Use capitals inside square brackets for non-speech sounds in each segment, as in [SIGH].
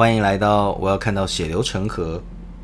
歡迎來到我要看到血流成河，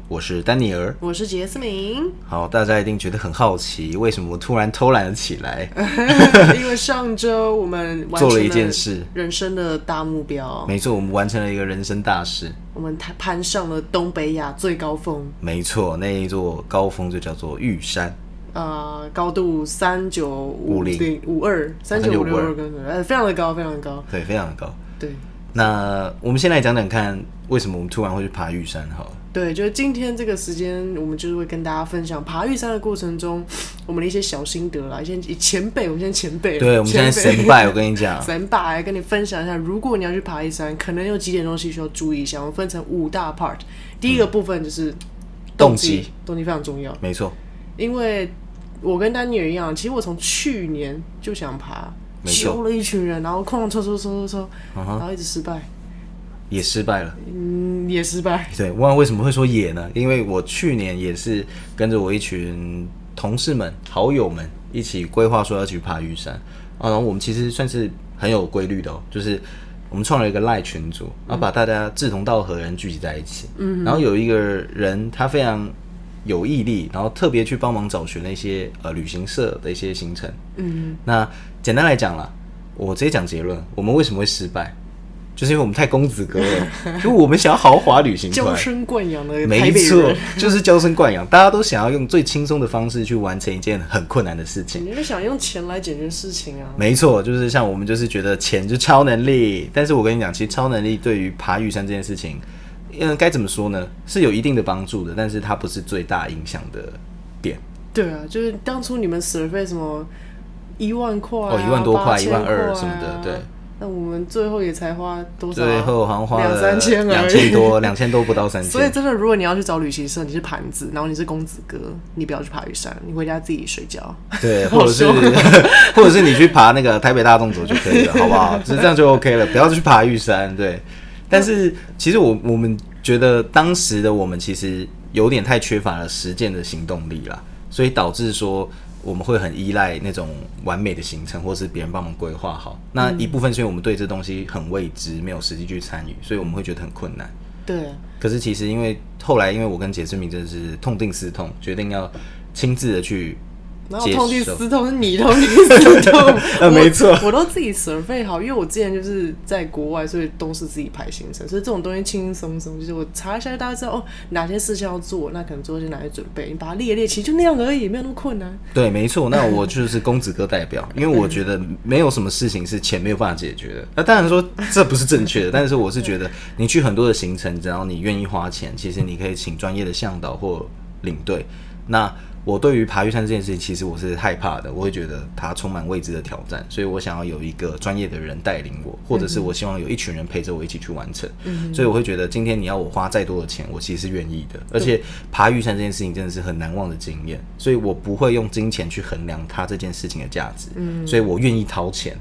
我是丹尼爾，我是傑斯明。好，大家一定覺得很好奇，為什麼我突然偷懶了起來？ [LAUGHS] [LAUGHS] 因為上周我們做了一件事，人生的大目標。沒錯，我們完成了一個人生大事， [LAUGHS] 我們攀上了東北亞最高峰。沒錯，那一座高峰就叫做玉山，呃，高度三九五零五二三九五二，非常的高，非常的高，對，非常的高，對。那我們先來講講看，為什麼我們突然會去爬玉山？哈，對，就是今天這個時間，我們就是會跟大家分享爬玉山的過程中，我們的一些小心得啦。以前輩，我們先前輩，對，前輩，我們現在神爸，我跟你講，神爸跟你分享一下，如果你要去爬玉山，可能有幾點東西需要注意一下。我分成五大 part，第一個部分就是動機，嗯，動機非常重要，沒錯，因為我跟丹尼爾一樣，其實我從去年就想爬。揪了一群人，然後空空抽抽抽抽抽，然後一直失敗，也失敗了。嗯，也失敗。對，我為什麼會說也呢？因為我去年也是跟着我一群同事們、好友們一起規劃說要去爬玉山啊。然後我們其實算是很有規律的哦，就是我們創了一個賴群組，然後把大家志同道合的人聚集在一起。嗯，然後有一個人他非常有毅力，然後特別去幫忙找尋那些呃旅行社的一些行程。嗯，那。簡單來講啦，我直接講結論：我們為什麼會失敗，就是因為我們太公子哥了，因 [LAUGHS] 為我們想要豪華旅行團，嬌生慣養的沒錯，就是嬌生慣養。大家都想要用最輕鬆的方式去完成一件很困難的事情，你們想用錢來解決事情啊，沒錯，就是像我們就是覺得錢就超能力。但是我跟你講，其實超能力對於爬玉山這件事情，嗯，該怎麼說呢，是有一定的幫助的，但是它不是最大影響的點。對啊，就是當初你們死了，為什麼？一萬塊、啊、哦，一萬多塊，一萬二什麼的，對。那我們最後也才花多少？最後好像花了兩千，兩千多，兩千2000多不到三千。所以真的，如果你要去找旅行社，你是盤子，然後你是公子哥，你不要去爬玉山，你回家自己睡覺。對，或者是，啊、 [LAUGHS] 或者是你去爬那個台北大縱走就可以了，好不好？ [LAUGHS] 就是這樣就 OK 了，不要去爬玉山。對，但是其實我我們覺得當時的我們其實有點太缺乏了實踐的行動力了，所以導致說。我們會很依賴那種完美的行程，或是別人幫忙規劃好那一部分，是因為我們對這東西很未知、嗯，沒有實際去參與，所以我們會覺得很困難。對，可是其實因為後來，因為我跟杰志明真的是痛定思痛，決定要親自的去。然後痛定思痛是你痛定思痛、 [LAUGHS] 啊，沒錯，我都自己 survey 好，因為我之前就是在國外，所以都是自己排行程，所以這種東西輕輕鬆鬆，就是我查一下，大家知道哦，哪些事情要做，那可能做一些哪些準備，你把它列列，其實就那樣而已，沒有那麼困難。對，沒錯，那我就是公子哥代表， [LAUGHS] 因為我覺得沒有什麼事情是錢沒有辦法解決的。那 [LAUGHS] 當然說這不是正確的，但是我是覺得你去很多的行程，只要你願意花錢，其實你可以請專業的嚮導或領隊。那我對於爬玉山這件事情，其實我是害怕的，我會覺得它充滿未知的挑戰，所以我想要有一個專業的人帶領我，或者是我希望有一群人陪着我一起去完成。嗯，所以我會覺得今天你要我花再多的錢，我其實是願意的。而且爬玉山這件事情真的是很難忘的經驗，所以我不會用金錢去衡量它這件事情的價值。嗯，所以我願意掏錢。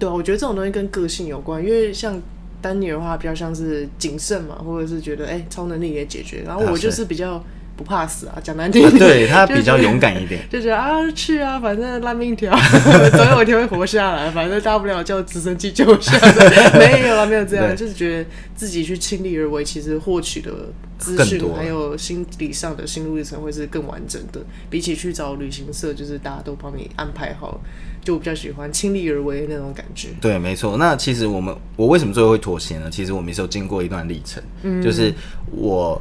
對啊，我覺得這種東西跟個性有關，因為像丹尼的話，比較像是謹慎嘛，或者是覺得欸，超能力也解決，然後我就是比較。不怕死啊！講難聽，啊、對他比較勇敢一點、 [LAUGHS] 就是，就覺得啊，去啊，反正爛命一條， [LAUGHS] 總有一天會活下來，反正大不了叫直升機救下來。 [LAUGHS] 沒有啊，沒有這樣，就是覺得自己去親力而為，其實獲取的資訊還有心理上的心路歷程會是更完整的，比起去找旅行社，就是大家都幫你安排好，就我比較喜歡親力而為那種感覺。對，沒錯。那其實我們，我為什麼最後會妥協呢？其實我們也是有經過一段歷程，嗯，就是我。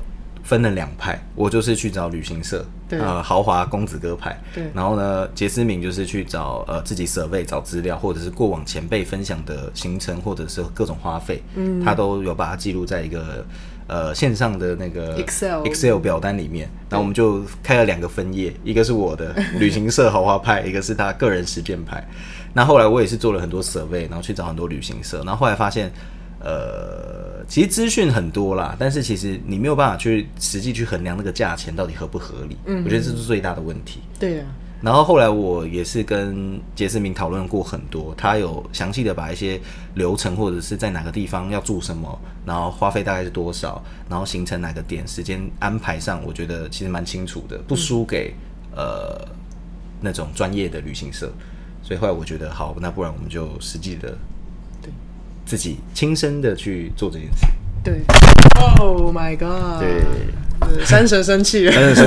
分了兩派，我就是去找旅行社，呃，豪華公子哥派。然後呢，傑斯敏就是去找呃自己 survey 找資料，或者是過往前輩分享的行程，或者是各種花費，嗯、他都有把它記錄在一個呃線上的那個 Excel Excel 表單裡面。然後我們就開了兩個分頁，一個是我的旅行社豪華派， [LAUGHS] 一個是他個人實踐派。那後來我也是做了很多 survey，然後去找很多旅行社，然後後來發現。呃，其實資訊很多啦，但是其實你沒有辦法去實際去衡量那個價錢到底合不合理。嗯，我覺得這是最大的問題。對啊。然後後來我也是跟杰士明討論過很多，他有詳細的把一些流程或者是在哪個地方要做什麼，然後花費大概是多少，然後行程哪個點時間安排上，我覺得其實蠻清楚的，不輸給、嗯、呃那種專業的旅行社。所以後來我覺得好，那不然我們就實際的。自己親身的去做這件事。對，Oh my god！對，山神生氣啊！ [LAUGHS] 生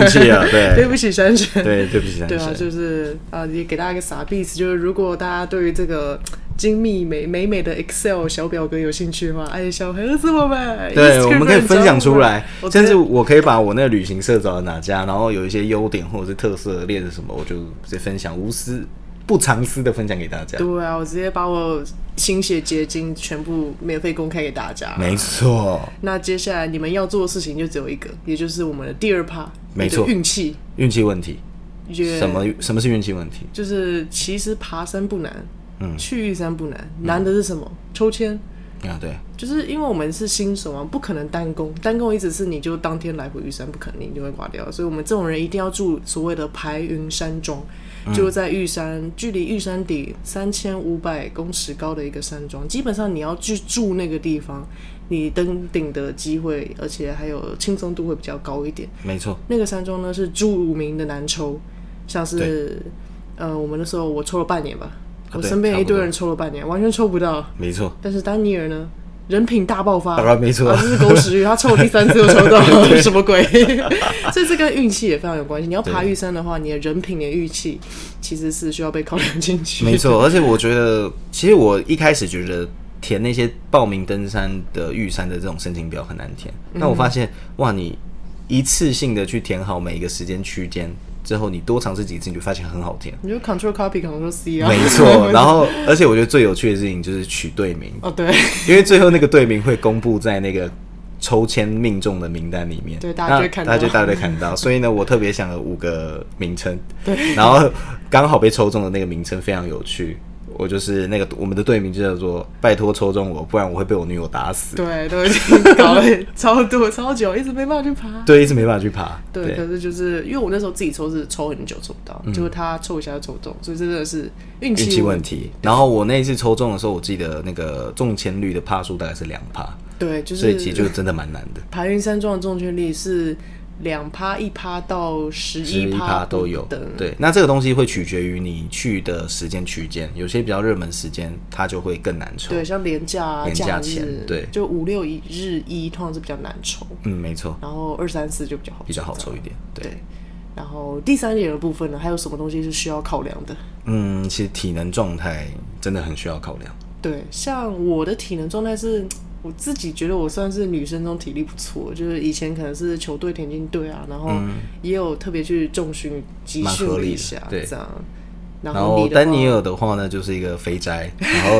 對， [LAUGHS] 對不起山神對，對不起山神。對啊，就是啊、呃，也給大家一個傻逼，就是如果大家對於這個精密美美美的 Excel 小表格有興趣的話，哎，小盒子。麼唄？對，我們可以分享出來，甚至我可以把我那個旅行社找到哪家，然後有一些優點或者是特色列的什麼，我就直接分享無私。不藏私的分享給大家。對啊，我直接把我心血結晶全部免費公開給大家。沒錯。那接下來你們要做的事情就只有一個，也就是我們的第二趴。沒錯。運氣。運氣問題。什麼？什麼是運氣問題？就是其實爬山不難，嗯，去玉山不難，難的是什麼？嗯、抽籤。啊，對。就是因為我們是新手啊，不可能單攻。單攻意思是你就當天來回玉山，不可能，你就會掛掉，所以我們這種人一定要住所謂的排雲山莊。就在玉山，嗯、距離玉山頂三千五百公尺高的一個山莊，基本上你要去住那個地方，你登頂的機會，而且還有輕鬆度會比較高一點。沒錯，那個山莊呢是著名的難抽，像是，呃，我們那時候我抽了半年吧，啊、我身邊一堆人抽了半年，完全抽不到。沒錯，但是丹尼爾呢？人品大爆發，啊、沒錯、啊，這是狗屎運。他抽我第三次又抽到， [LAUGHS] 什麼鬼？ [LAUGHS] 所以這跟運氣也非常有關係。你要爬玉山的話，你的人品、你的運氣其實是需要被考量進去。沒錯，而且我覺得，其實我一開始覺得填那些報名登山的玉山的這種申請表很難填，嗯、但我發現哇，你一次性的去填好每一個時間區間。之後你多嘗試幾次，你就發現很好聽。你就 Ctrl, Copy, Ctrl, Ctrl Copy Ctrl C。沒錯，然後 [LAUGHS] 而且我覺得最有趣的事情就是取隊名。哦、oh,，對，因為最後那個隊名會公布在那個抽籤命中的名單裡面，對， [LAUGHS] 大家就看大家就看到。 [LAUGHS] 所以呢，我特別想了五個名稱，對，然後剛好被抽中的那個名稱非常有趣。我就是那個我們的隊名，就叫做拜託抽中我，不然我會被我女友打死。對，都已經搞了超多超久，一直沒辦法去爬。對，一直沒辦法去爬。對，對可是就是因為我那時候自己抽是抽很久抽不到，嗯、就是他抽一下就抽中，所以真的是運氣運氣問題。然後我那一次抽中的時候，我記得那個中籤率的帕數大概是兩帕。對，就是所以其實就真的蠻難的。排雲山莊的中籤率是，兩趴一趴到十一趴都有的，對。那這個東西會取決於你去的時間區間，有些比較熱門時間它就會更難抽。對，像連假、連假前，對，就五六一日一通常是比較難抽。嗯，沒錯。然後二三四就比較好抽，比較好抽，比較好抽一點。對。對，然後第三點的部分呢，還有什麼東西是需要考量的？嗯，其實體能狀態真的很需要考量。對，像我的體能狀態是。我自己覺得我算是女生中體力不錯，就是以前可能是球隊田徑隊啊，然後也有特別去重訓集訓一下，這樣，對。然後，然後丹尼爾的話呢，就是一個肥宅，然後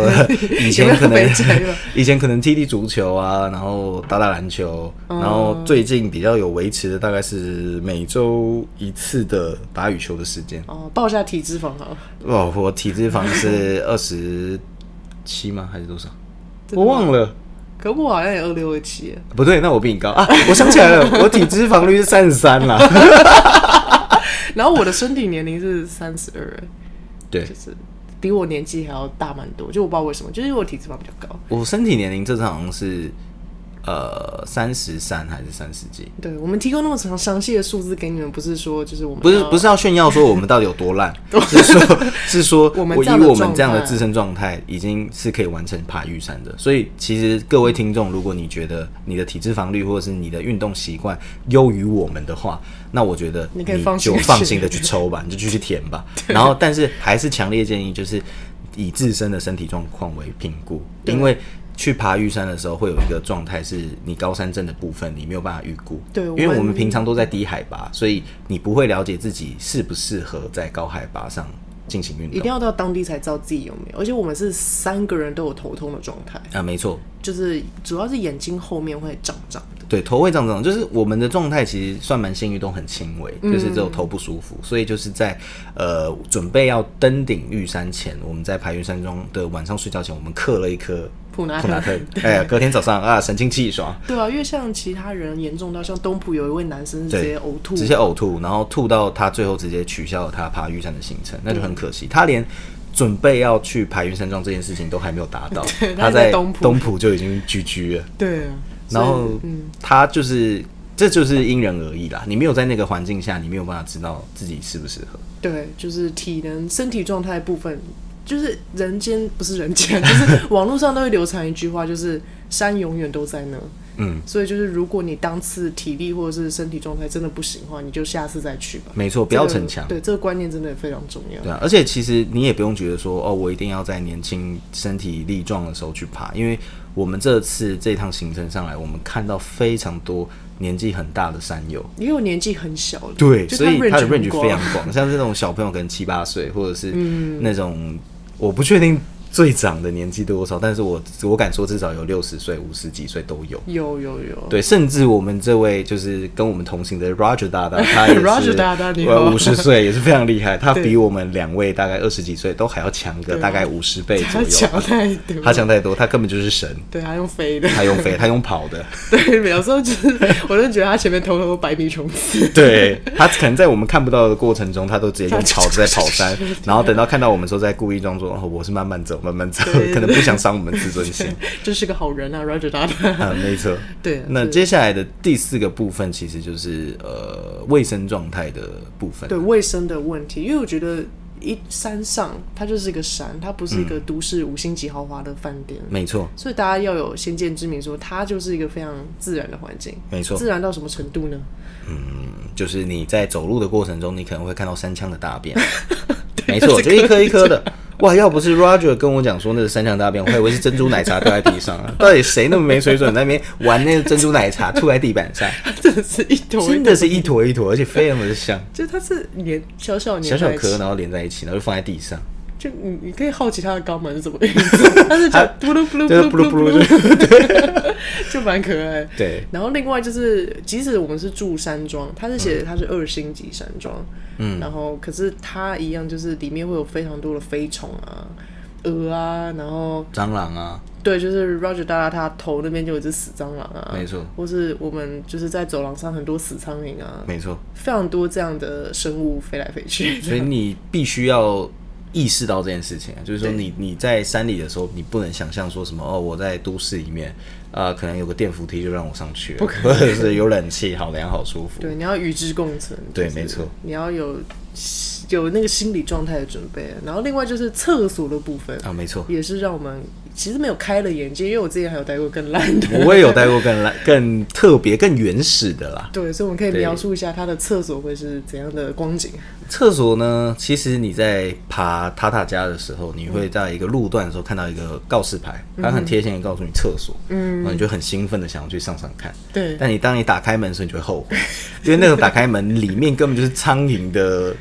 以前可能 [LAUGHS] 有有以前可能踢踢足球啊，然後打打籃球，嗯，然後最近比較有維持的大概是每周一次的打羽球的時間。哦，報下體脂肪啊。哦，我體脂肪是二十七嗎？ [LAUGHS] 還是多少？我忘了。可不我好像也二六二七，不對，那我比你高啊！我想起來了， [LAUGHS] 我體脂肪率是三十三啦。 [LAUGHS] [LAUGHS] 然後我的身體年齡是三十二，對，就是比我年紀還要大蠻多，就我不知道為什麼，就是因為我體脂肪比較高。我身體年齡正常是。呃，三十三還是三十幾？對，我們提供那麼長詳細的數字給你們，不是說就是我們不是不是要炫耀說我們到底有多爛 [LAUGHS] 是說， [LAUGHS] 是說我們以我們這樣的自身狀態，已經是可以完成爬玉山的。所以，其實各位聽眾，如果你覺得你的體脂肪率或者是你的運動習慣優於我們的話，那我覺得你可以就放心的去抽吧，你就繼續填吧。然後，但是還是強烈建議就是以自身的身體狀況為評估，對，因為。去爬玉山的時候，會有一個狀態是你高山症的部分，你沒有辦法預估。對，因為我們平常都在低海拔，所以你不會了解自己適不適合在高海拔上進行運動。一定要到當地才知道自己有沒有。而且我們是三個人都有頭痛的狀態啊，沒錯，就是主要是眼睛後面會脹脹的，對，頭會脹脹。就是我們的狀態其實算蠻幸運，都很輕微，就是只有頭不舒服。嗯。所以就是在呃準備要登頂玉山前，我們在排雲山莊的晚上睡覺前，我們嗑了一顆。普拿特、拿特哎，隔天早上啊，神清氣爽。對啊，因為像其他人嚴重到像東埔有一位男生直接嘔吐，直接嘔吐，然後吐到他最後直接取消了他爬玉山的行程，那就很可惜。他連準備要去排雲山莊這件事情都還沒有達到，他在東埔就已經 GG 了。對啊，然後嗯，他就是、嗯、這就是因人而異啦。你沒有在那個環境下，你沒有辦法知道自己適不適合。對，就是體能、身體狀態部分。就是人間不是人間， [LAUGHS] 就是網絡上都會流傳一句話，就是山永遠都在那。嗯，所以就是如果你當次體力或者是身體狀態真的不行的話，你就下次再去吧。沒錯，不要逞強、這個。對，這個觀念真的非常重要。對啊，而且其實你也不用覺得說哦，我一定要在年輕、身體力壯的時候去爬，因為我們這次這趟行程上來，我們看到非常多年紀很大的山友，也有年紀很小的，對，它群群所以他的 range 非常廣， [LAUGHS] 像這種小朋友可能七八歲，或者是、嗯、那種。我不確定。最長的年紀多少？但是我我敢說至少有六十歲、五十幾歲都有。有有有。對，甚至我們這位就是跟我們同行的 Roger 大大，他也是50 [LAUGHS] Dada, 五十歲，也是非常厲害。他比我們兩位大概二十幾歲都還要強個大概五十倍左右。他強太多，他強太多，他根本就是神。對，他用飛的，他用飛，他用跑的。 [LAUGHS] 對，有時候就是我就覺得他前面偷偷都百米衝刺。對，他可能在我們看不到的過程中，他都直接用跑在跑山、就是，然後等到看到我們時候再故意裝作哦，我是慢慢走。慢慢走，可能不想傷我們自尊心。這就是個好人啊，Roger 大大。啊、 [LAUGHS] 嗯，沒錯。對，那接下來的第四個部分其實就是呃衛生狀態的部分。對衛生的問題，因為我覺得一山上它就是一個山，它不是一個都市五星級豪華的飯店，嗯。沒錯。所以大家要有先見之明說，說它就是一個非常自然的環境。沒錯。自然到什麼程度呢？嗯，就是你在走路的過程中，你可能會看到山羌的大便。 [LAUGHS] 沒錯， [LAUGHS] 就一顆一顆的。 [LAUGHS] 哇！要不是 Roger 跟我講說那是山羌大便，我還以為是珍珠奶茶掉在地上啊！ [LAUGHS] 到底誰那麼沒水準，那邊玩那個珍珠奶茶吐在地板上？真的是一坨一坨，真的是一坨一坨， [LAUGHS] 而且非常的香。就它是連小小連小小顆，然後連在一起，然後就放在地上。就你，你可以好奇他的肛門是什麼意思， [LAUGHS] [LAUGHS] 他是叫嘟嚕嘟嚕嘟嚕，就蠻 [LAUGHS] 對笑可愛。對，然後另外就是，即使我們是住山莊，他是寫的他是二星級山莊，嗯，然後可是他一樣，就是裡面會有非常多的飛蟲啊、蛾、嗯、啊，然後蟑螂啊，對，就是 Roger 大大他頭那邊就有一隻死蟑螂啊，沒錯，或是我們就是在走廊上很多死蒼蠅啊，沒錯，非常多這樣的生物飛來飛去，所以你必須要。意識到這件事情啊，就是說你你在山裡的時候，你不能想象說什麼哦，我在都市裡面啊、呃，可能有個電扶梯就讓我上去了，不可能，就是有冷氣，好涼，好舒服。對，你要與之共存。對，沒錯，你要有有那個心理狀態的準備。然後另外就是廁所的部分啊、哦，沒錯，也是讓我們其實沒有開了眼界，因為我自己還有待過更爛的，我也有待過更爛、 [LAUGHS] 更特別、更原始的啦。對，所以我們可以描述一下它的廁所會是怎樣的光景。廁所呢？其實你在爬塔塔加的時候，你會在一個路段的時候看到一個告示牌，嗯、它很貼心的告訴你廁所，嗯，然後你就很興奮的想要去上上看。對、嗯，但你當你打開門的時候，你就會後悔，因為那個打開門 [LAUGHS] 裡面根本就是蒼蠅的。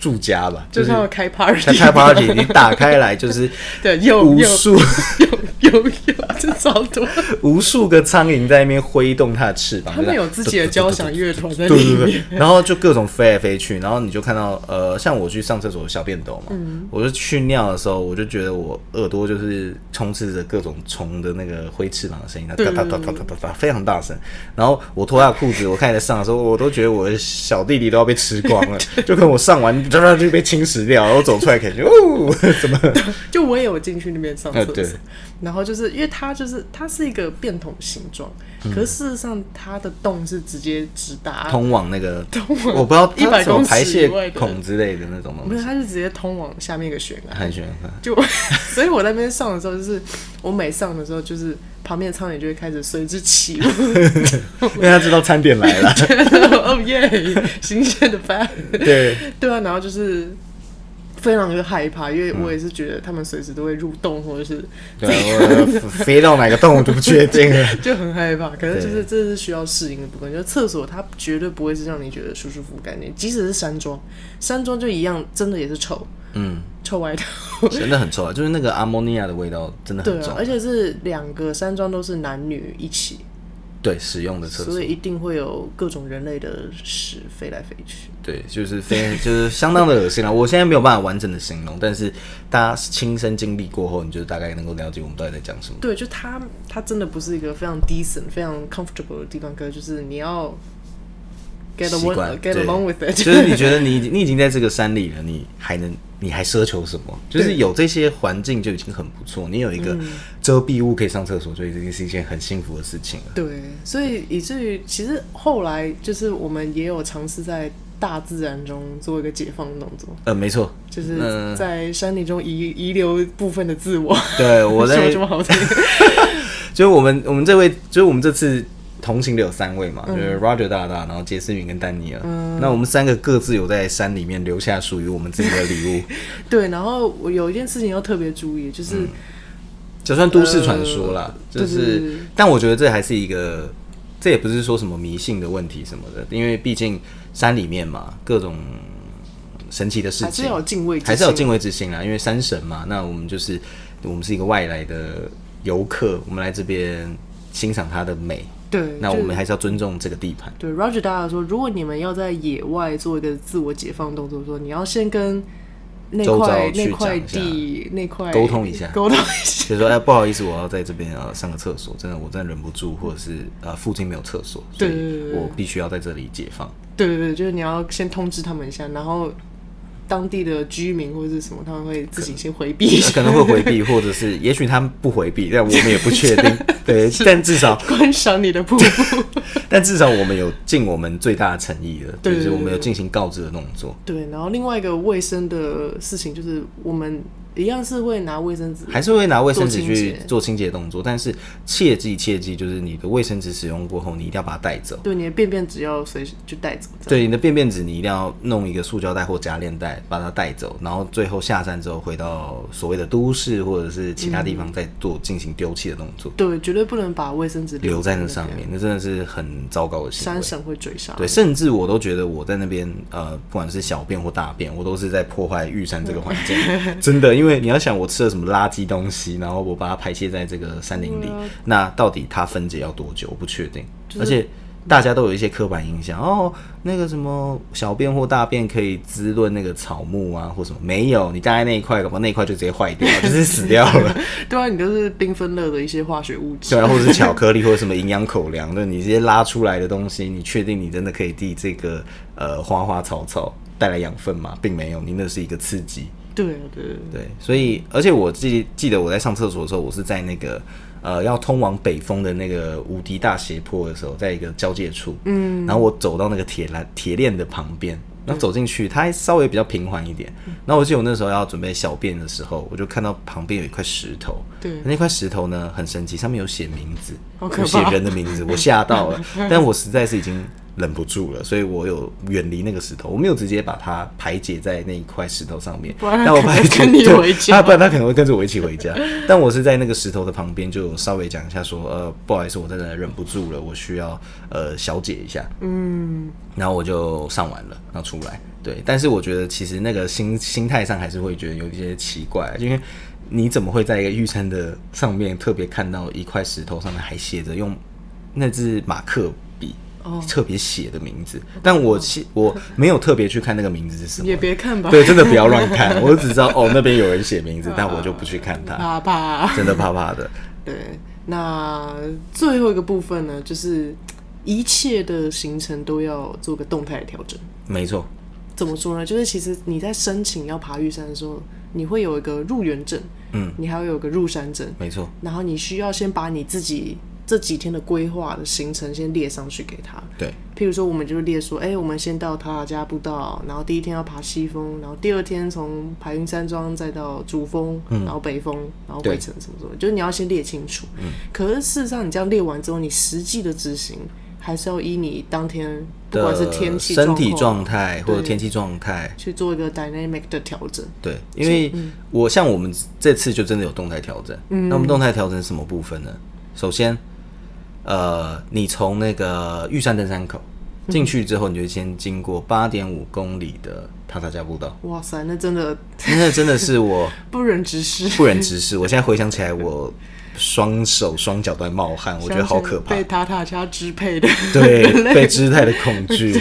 住家吧，就是要開 party，開，開 party，你打開來就是 [LAUGHS] 對，有無數又有有，真好多無數個蒼蠅在那邊揮動它的翅膀，它們有自己的交響樂團在裡面對，對，對，對。然後就各種飛來飛去，然後你就看到呃，像我去上廁所的小便斗嘛、嗯，我就去尿的時候，我就覺得我耳朵就是充斥着各種蟲的那個揮翅膀的聲音，非常大聲，然後我脫下褲子，我看在上的時候，我都覺得我的小弟弟都要被吃光了，就跟我上完。慢慢就被侵蝕掉，然後走出來感覺 [LAUGHS] 哦，怎麼？ [LAUGHS] 就我也有進去那邊上廁所，哦，然後就是因為它就是它是一個便桶形狀。嗯、可是事實上，它的洞是直接直達通往那個，通往我不知道一什麼排泄孔之類的那種嗎？不是，它是直接通往下面一個旋啊，很懸。就，所以我在那邊上的時候，就是 [LAUGHS] 我每上的時候，就是旁邊的蒼蠅就會開始隨之起舞， [LAUGHS] [LAUGHS] 因為他知道餐點來了， [LAUGHS] 了。哦、oh yeah，耶， [LAUGHS] 新鮮的飯。對對啊，然後就是。非常的害怕，因為我也是覺得他們隨時都會入洞，嗯、或者是對，我 [LAUGHS] 飛到哪個洞都不確定， [LAUGHS] 就很害怕。可是就是這是需要適應的部分，就是廁所它絕對不會是讓你覺得舒舒服的感覺，即使是山莊，山莊就一樣，真的也是臭，嗯，臭外套。真的很臭啊，就是那個阿莫尼亞的味道真的很重，啊對啊，而且是兩個山莊都是男女一起，對，使用的廁所，所以一定會有各種人類的屎飛來飛去。對，就是飛， [LAUGHS] 就是相當的惡心了啊。我現在沒有辦法完整的形容，但是大家親身經歷過後，你就大概能夠了解我們到底在講什麼。對，就他，他真的不是一個非常 decent、非常 comfortable 的地方。可，就是你要 get a win get along with it。其實你覺得你已經你已經在這個山裡了，你還能？你還奢求什麼？就是有這些環境就已經很不錯。你有一個遮蔽物可以上廁所，所以這件是一件很幸福的事情了。對，所以以至於其實後來就是我們也有嘗試在大自然中做一個解放的動作。呃，沒錯，就是在山裡中遺遺、呃、留部分的自我。對，我為什麼這麼好聽？ [LAUGHS] 就是我們我們這位，就是我們這次。同行的有三位嘛，嗯、就是 Roger 大大，然後傑斯敏跟丹尼爾、嗯。那我們三個各自有在山裡面留下屬於我們自己的禮物。 [LAUGHS] 對,然後我有一件事情要特別注意,就是、嗯、就算都市傳說了、呃，就是，對對對對，但我覺得這還是一個，這也不是說什麼迷信的問題什麼的，因為畢竟山裡面嘛，各種神奇的事情，還是要有敬畏之心、啊，還是要有敬畏之心啦、啊。因為山神嘛，那我們就是我們是一個外來的遊客，我們來這邊欣賞它的美。對，那我們還是要尊重這個地盤。對，Roger 大大說，如果你們要在野外做一個自我解放動作，說你要先跟那塊那塊地那塊溝通一下，溝通一下，就說哎、欸，不好意思，我要在這邊啊、呃、上個廁所，真的我真的忍不住，或者是啊、呃、附近沒有廁所，對，我必須要在這裡解放。對對對，對，對，就是你要先通知他們一下，然後。當地的居民或者是什麼，他們會自行先回避一下、 [LAUGHS] 啊，可能會回避，或者是也許他們不回避，但我們也不確定。 [LAUGHS] 對，但至少觀賞你的瀑布，但至少我們有盡我們最大的誠意了， [LAUGHS] 就是我們有進行告知的動作。對，對，對，對，然後另外一個衛生的事情就是我們一樣是會拿衛生紙，還是會拿衛生紙去做清潔動作，但是切記切記，就是你的衛生紙使用過後，你一定要把它帶走。對，你的便便紙要隨時就帶走。對，你的便便紙你一定要弄一個塑膠袋或夾鏈袋把它帶走，然後最後下山之後回到所謂的都市或者是其他地方再做進行丟棄的動作，嗯。對，絕對不能把衛生紙留在那上面，那真的是很糟糕的事。山神會追上。對，甚至我都覺得我在那邊呃，不管是小便或大便，我都是在破壞玉山這個環境，嗯，真的。 [LAUGHS] 因為你要想，我吃了什麼垃圾東西，然後我把它排泄在這個山林裡、啊，那到底它分解要多久？我不確定。就是，而且大家都有一些刻板印象，就是，哦，那個什麼小便或大便可以滋潤那個草木啊，或什麼沒有？你剛在那一塊的話，那一塊就直接壞掉， [LAUGHS] 就是死掉了。對啊，對啊，你都是繽紛樂的一些化學物質，對，啊，或者是巧克力，或者什麼營養口糧的， [LAUGHS] 你直接拉出來的東西，你確定你真的可以遞這個呃花花草草帶來養分嗎？並沒有，你那是一個刺激。對對對，所以而且我記記得我在上廁所的時候，我是在那個呃要通往北峰的那個無敵大斜坡的時候，在一個交界處，嗯，然後我走到那個鐵欄鐵鏈的旁邊，那走進去它還稍微比較平緩一點，然後我記得我那時候要準備小便的時候，我就看到旁邊有一塊石頭，對，那塊石頭呢很神奇，上面有寫名字，有寫人的名字，我嚇到了， [LAUGHS] 但我實在是已經。忍不住了，所以我有遠離那個石頭，我沒有直接把它排解在那一塊石頭上面。那我排解對你回家、啊，不然他可能會跟着我一起回家。 [LAUGHS] 但我是在那個石頭的旁邊，就稍微講一下說，呃，不好意思，我真的忍不住了，我需要呃小解一下。嗯，然後我就上完了，然後出來。對，但是我覺得其實那個心心態上還是會覺得有一些奇怪，因為你怎麼會在一個玉山的上面特別看到一塊石頭上面還寫着用那只馬克？特別寫的名字，哦，但我去，哦，我沒有特別去看那個名字是什麼，也別看吧。對，真的不要亂看。 [LAUGHS] 我只知道哦，那邊有人寫名字， [LAUGHS] 但我就不去看他怕怕，真的怕怕的。對，那最後一個部分呢，就是一切的行程都要做個動態調整。沒錯。怎麼說呢？就是其實你在申請要爬玉山的時候，你會有一個入園證，嗯，你還要有一個入山證，沒錯。然後你需要先把你自己。這幾天的規劃的行程先列上去給他。對，譬如說，我們就列說，哎、欸，我們先到塔塔加步道，然後第一天要爬西峰，然後第二天從排雲山莊再到主峰，嗯，然後北峰，然後北城什麼什麼，就是你要先列清楚。嗯。可是事實上，你這樣列完之後，你實際的執行還是要依你當天不管是天氣、身體狀態或者天氣狀態去做一個 dynamic 的調整。對，因為、嗯、我像我們這次就真的有動態調整。嗯。那我們動態調整是什麼部分呢？首先。呃，你從那個玉山登山口進去之後，嗯、你就先經過八點五公里的塔塔加步道。哇塞，那真的，那真的是我 [LAUGHS] 不忍直視，不忍直視。我現在回想起來，我。 [LAUGHS] 雙手雙腳都在冒汗，我覺得好可怕。被塔塔加支配的，對， [LAUGHS] 被支配的恐懼。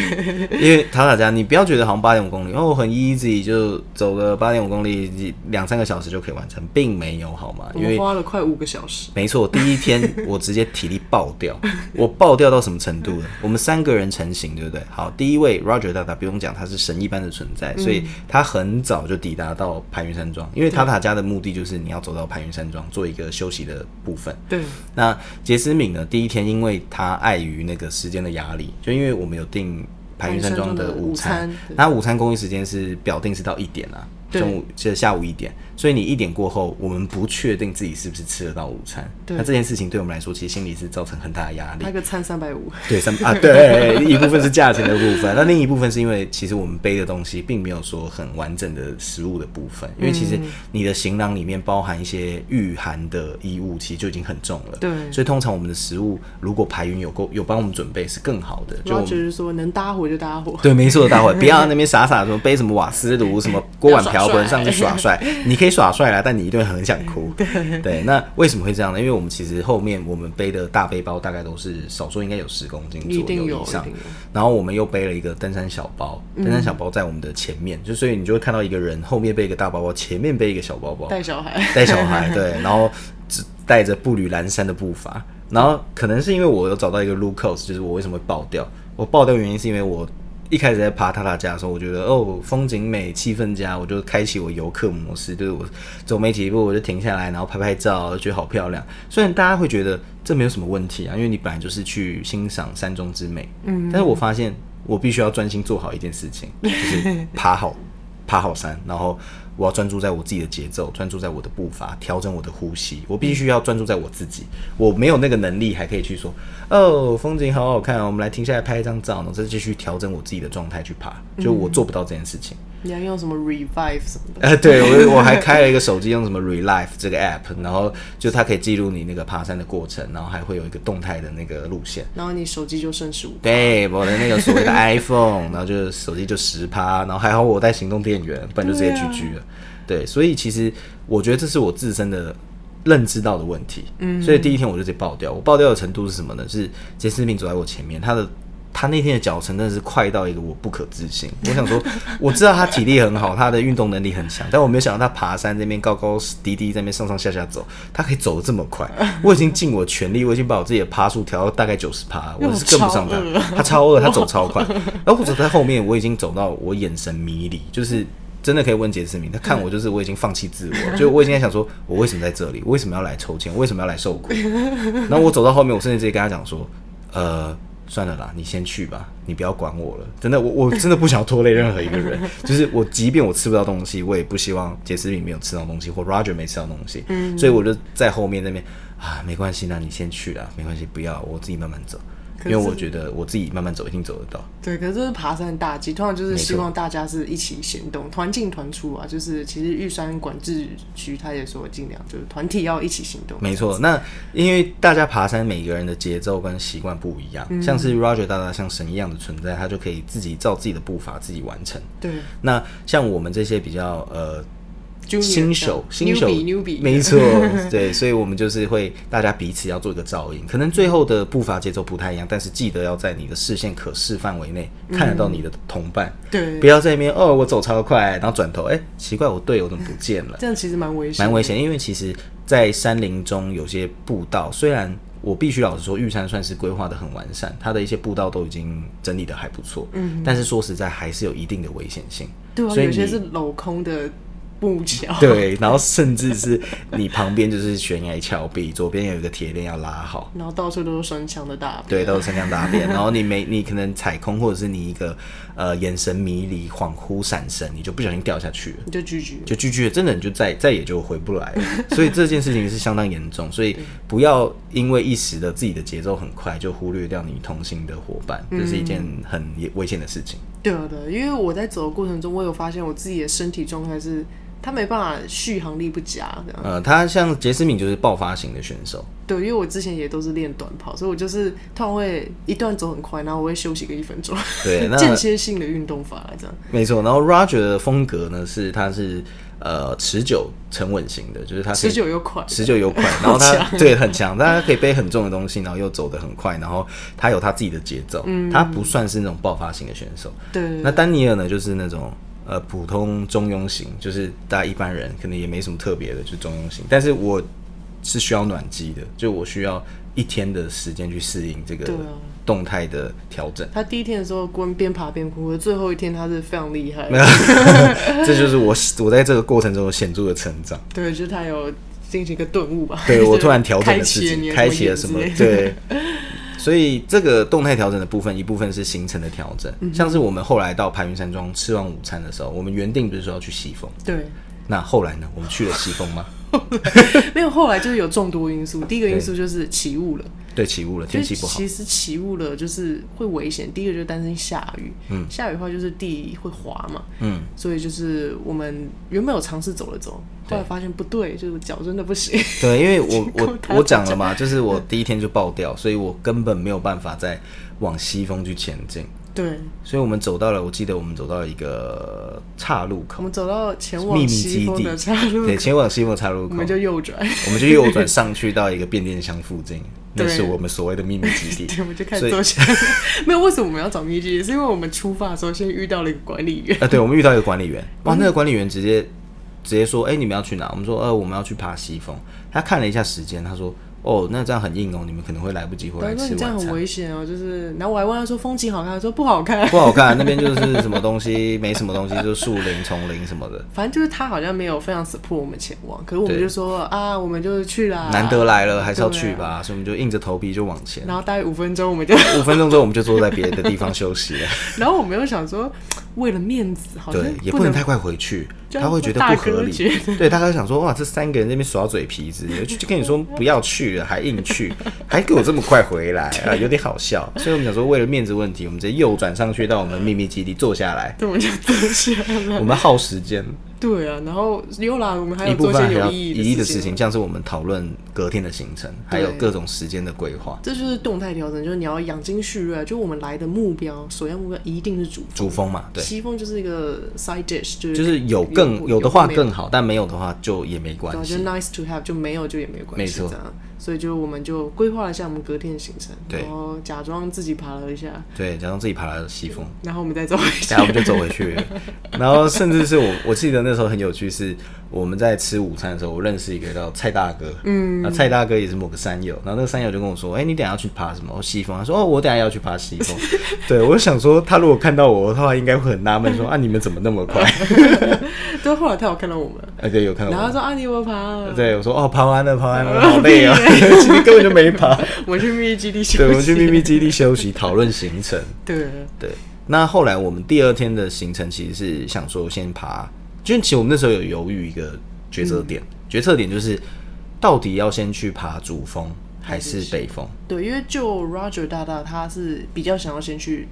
因為塔塔加，你不要覺得好像八點五公里，因為我很 easy，就走了八點五公里，兩三個小時就可以完成，並沒有，好嗎？因為我花了快五個小時。沒錯，第一天我直接體力爆掉， [LAUGHS] 我爆掉到什麼程度呢？ [LAUGHS] 我們三個人成型，對不對？好，第一位 Roger 大大不用講，他是神一般的存在，嗯、所以他很早就抵達到排雲山莊，因為塔塔加的目的就是你要走到排雲山莊做一個休息的。部分。對，那傑斯敏呢？第一天，因為他礙於那個時間的壓力，就因為我們有訂排雲山莊的午餐，那午餐供應時間是表定是到一點啊。中午就是下午一點，所以你一點過後，我們不確定自己是不是吃得到午餐。對，那這件事情對我們來說，其實心裡是造成很大的壓力。那個餐三百五，對三啊，對，一部分是價錢的部分， [LAUGHS] 那另一部分是因為其實我們背的東西並沒有說很完整的食物的部分，嗯、因為其實你的行囊裡面包含一些御寒的衣物，其實就已經很重了。對，所以通常我們的食物如果排雲有夠有幫我們準備是更好的。就就，就是說能搭伙就搭伙，對，沒錯搭伙， [LAUGHS] 不要那邊傻傻的什麼背什麼瓦斯爐什麼鍋碗瓢。搖滾上去耍帥。 [LAUGHS] 你可以耍帥啦，但你一定會很想哭。對，對，那為什麼會這樣呢？因為我們其實後面我們背的大背包大概都是，少說應該有十公斤左右以上，然後我們又背了一個登山小包，登山小包在我們的前面，嗯，就所以你就會看到一個人後面背一個大包包，前面背一個小包包，帶小孩，帶小孩，對， [LAUGHS] 然後只帶着步履蹣跚的步伐，然後可能是因為我有找到一個 lucas，就是我為什麼會爆掉，我爆掉原因是因為我。一開始在爬塔塔加的時候，我覺得哦，風景美，氣氛佳，我就開啟我遊客模式，就是我走沒幾步我就停下來，然後拍拍照，覺得好漂亮。雖然大家會覺得這沒有什麼問題啊，因為你本來就是去欣賞山中之美，嗯。但是我發現我必須要專心做好一件事情，就是爬好 [LAUGHS] 爬好山，然後我要專注在我自己的節奏，專注在我的步伐，調整我的呼吸。我必須要專注在我自己、嗯，我沒有那個能力還可以去說。哦，風景好好看，哦，我們來停下來拍一張照，然後再繼續調整我自己的狀態去爬。就我做不到這件事情。嗯、你要用什麼 revive 什麼的？呃、對，我我還開了一個手機 [LAUGHS] 用什麼 relive 這個 app，然後就它可以記錄你那個爬山的過程，然後還會有一個動態的那個路線。然後你手機就剩十五。對，我的那個所謂的 iPhone， [LAUGHS] 然後就手機就十趴，然後還好我帶行動電源，不然就直接 GG 了對、啊。對，所以其實我覺得這是我自身的。認知到的問題，嗯，所以第一天我就直接爆掉。我爆掉的程度是什麼呢？是傑斯明走在我前面，他的他那天的腳程真的是快到一個我不可置信。我想說，我知道他體力很好， [LAUGHS] 他的運動能力很強，但我沒有想到他爬山這邊高高低低，在那邊上上下下走，他可以走得這麼快。我已經盡我全力，我已經把我自己的趴數調到大概九十趴，我是跟不上他，超他超餓，他走超快。 [LAUGHS] 然後我走在後面，我已經走到我眼神迷離，就是。真的可以問傑斯明，他看我就是我已經放棄自我， [LAUGHS] 就我已經在想說，我為什麼在這裡，我為什麼要來抽籤，我為什麼要來受苦。然後我走到後面，我甚至直接跟他講說，呃，算了啦，你先去吧，你不要管我了。真的，我我真的不想拖累任何一個人。 [LAUGHS] 就是我，即便我吃不到東西，我也不希望傑斯明沒有吃到東西，或 Roger 沒吃到東西。 [LAUGHS] 所以我就在後面那邊啊，沒關係，那你先去啦，沒關係，不要，我自己慢慢走。因為我覺得我自己慢慢走，一定走得到。對，可是這是爬山的大忌，通常就是希望大家是一起行動，團進團出啊。就是其實玉山管制區，他也說盡量就是團體要一起行動。沒錯，那因為大家爬山，每個人的節奏跟習慣不一樣。嗯。像是 Roger 大大像神一樣的存在，他就可以自己照自己的步伐自己完成。對，那像我們這些比較呃。Junior、新手，新手，Newbie, Newbie 沒錯，對， [LAUGHS] 所以我們就是會大家彼此要做一個照應，可能最後的步伐節奏不太一樣，但是記得要在你的視線可視範圍內看得到你的同伴，對，不要在那邊哦，我走超快，然後轉頭，哎、欸，奇怪，我隊友怎麼不見了？這樣其實蠻危險，蠻危險，因為其實，在山林中有些步道，雖然我必須老實說，玉山算是規劃的很完善，它的一些步道都已經整理的還不錯，嗯，但是說實在還是有一定的危險性，對、啊，所以有些是鏤空的。木橋對，然後甚至是你旁邊就是懸崖峭壁， [LAUGHS] 左邊有一個鐵鏈要拉好，然後到處都是山羌的大便，都是山羌大便。 [LAUGHS] 然後你沒你可能踩空，或者是你一個呃眼神迷離、嗯、恍惚、閃神，你就不小心掉下去了，你就拒絕，就拒絕，真的你就再再也就回不來了。 [LAUGHS] 所以這件事情是相當嚴重，所以不要因為一時的自己的節奏很快，就忽略掉你同行的夥伴，這、嗯就是一件很危險的事情。對的，因為我在走的過程中，我有發現我自己的身體狀態是。他沒辦法，續航力不佳，這樣。呃，他像傑斯敏就是爆發型的選手。對，因為我之前也都是練短跑，所以我就是突然會一段走很快，然後我會休息個一分鐘。對，那間歇性的運動法來這樣。沒錯，然後 Roger 的風格呢是他是呃持久沉穩型的，就是他持久又快，持久又快，然後他 [LAUGHS] 對很強，他可以背很重的東西，然後又走得很快，然後他有他自己的節奏，嗯、他不算是那種爆發型的選手。對。那丹尼爾呢，就是那種。呃，普通中庸型，就是大家一般人可能也沒什麼特別的，就是、中庸型。但是我是需要暖機的，就我需要一天的時間去適應這個動態的調整、啊。他第一天的時候滾邊爬邊哭；最後一天他是非常厲害， [LAUGHS] [LAUGHS] 沒有，這就是我我在這個過程中顯著的成長。對，就是他有進行一個頓悟吧？對，我突然調整了了的自己，開啟了什麼？對。 [LAUGHS] 所以這個動態調整的部分，一部分是行程的調整、嗯，像是我們後來到排雲山莊吃完午餐的時候，我們原定不是說要去西峰，對，那後來呢，我們去了西峰嗎？ [LAUGHS] 沒有，後來就是有眾多因素。第一個因素就是起霧了，對，對起霧了，天氣不好。其實起霧了就是會危險。第一個就是擔心下雨，嗯，下雨的話就是地會滑嘛，嗯，所以就是我們原本有嘗試走了走，後來發現不對，就是腳真的不行。對，因為我我 [LAUGHS] 講我講了嘛，就是我第一天就爆掉， [LAUGHS] 所以我根本沒有辦法再往西峰去前進。對，所以我們走到了，我記得我們走到了一個岔路口。我們走到前往西峰的秘密基地，路，對，前往西峰岔路口，我們就右轉， [LAUGHS] 我們就右轉上去到一個變電箱附近，那是我們所謂的秘密基地對對。我們就開始坐下。沒有， [LAUGHS] 為什麼我們要找秘密基地？是因為我們出發的時候先遇到了一個管理員啊、呃。對，我們遇到一個管理員，嗯、哇，那個管理員直接直接說：“哎、欸，你們要去哪？”我們說：“呃，我們要去爬西峰。”他看了一下時間，他說。哦，那這樣很硬哦，你們可能會來不及回來吃晚餐。你這樣很危險哦，就是。然後我還問他說風景好看，他說不好看，不好看，那邊就是什麼東西， [LAUGHS] 沒什麼東西，就樹林、叢林什麼的。反正就是他好像沒有非常 support 我們前往，可是我們就說啊，我們就去了。難得來了，還是要去吧，啊、所以我們就硬着頭皮就往前。然後待五分鐘，我們就五 [LAUGHS] 分鐘之後我們就坐在別的地方休息了。 [LAUGHS] 然後我們又想說。為了面子，好像對，也不能太快回去，他會覺得不合理。對，大家想說，哇，這三個人那邊耍嘴皮子，就跟你說不要去了，還硬去， [LAUGHS] 還給我這麼快回來啊，有點好笑。所以我們想說，為了面子問題，我們直接右轉上去到我們秘密基地坐下來。怎麼就坐下來？我們耗時間。對啊，然後又來我們還要做一些有意義的、的事情，像是我們討論隔天的行程，還有各種時間的規劃。這就是動態調整，就是你要養精蓄銳。就我們來的目標，首要目標一定是主主峰嘛，對，西峰就是一個 side dish，就是就是有更有、有的話更好，嗯，但沒有的話就也沒關係。我覺得 nice to have 就沒有就也沒關係，沒錯。所以就我們就規劃了一下我們隔天的行程，對，然後假裝自己爬了一下，對，假裝自己爬了西峰，然後我們再走回去，然後我們就走回去， [LAUGHS] 然後甚至是我我記得那時候很有趣是我們在吃午餐的時候，我認識一個叫蔡大哥，嗯，啊蔡大哥也是某個山友，然後那個山友就跟我說，哎、欸、你等下要去爬什麼？西峰？他說哦我等下要去爬西峰， [LAUGHS] 對，我想說他如果看到我的話應該會很納悶說 [LAUGHS] 啊你們怎麼那麼快？ [LAUGHS] 對，後來他有看到我們，哎、啊、對有看到我，然後他說啊你有、沒有爬，啊？對我說哦爬完了爬完了，爬完了好累哦，啊。 [LAUGHS] 」 [LAUGHS] 其實根本就沒爬 [LAUGHS] 我密密，我們去秘密，密基地休息。對，我們去秘密基地休息，討論行程。 [LAUGHS] 對對。那後來我們第二天的行程，其實是想說先爬，因為其實我們那時候有猶豫一個決策點，嗯，決策點就是到底要先去爬主峰還是北峰。對，因為就 Roger 大大他是比較想要先去。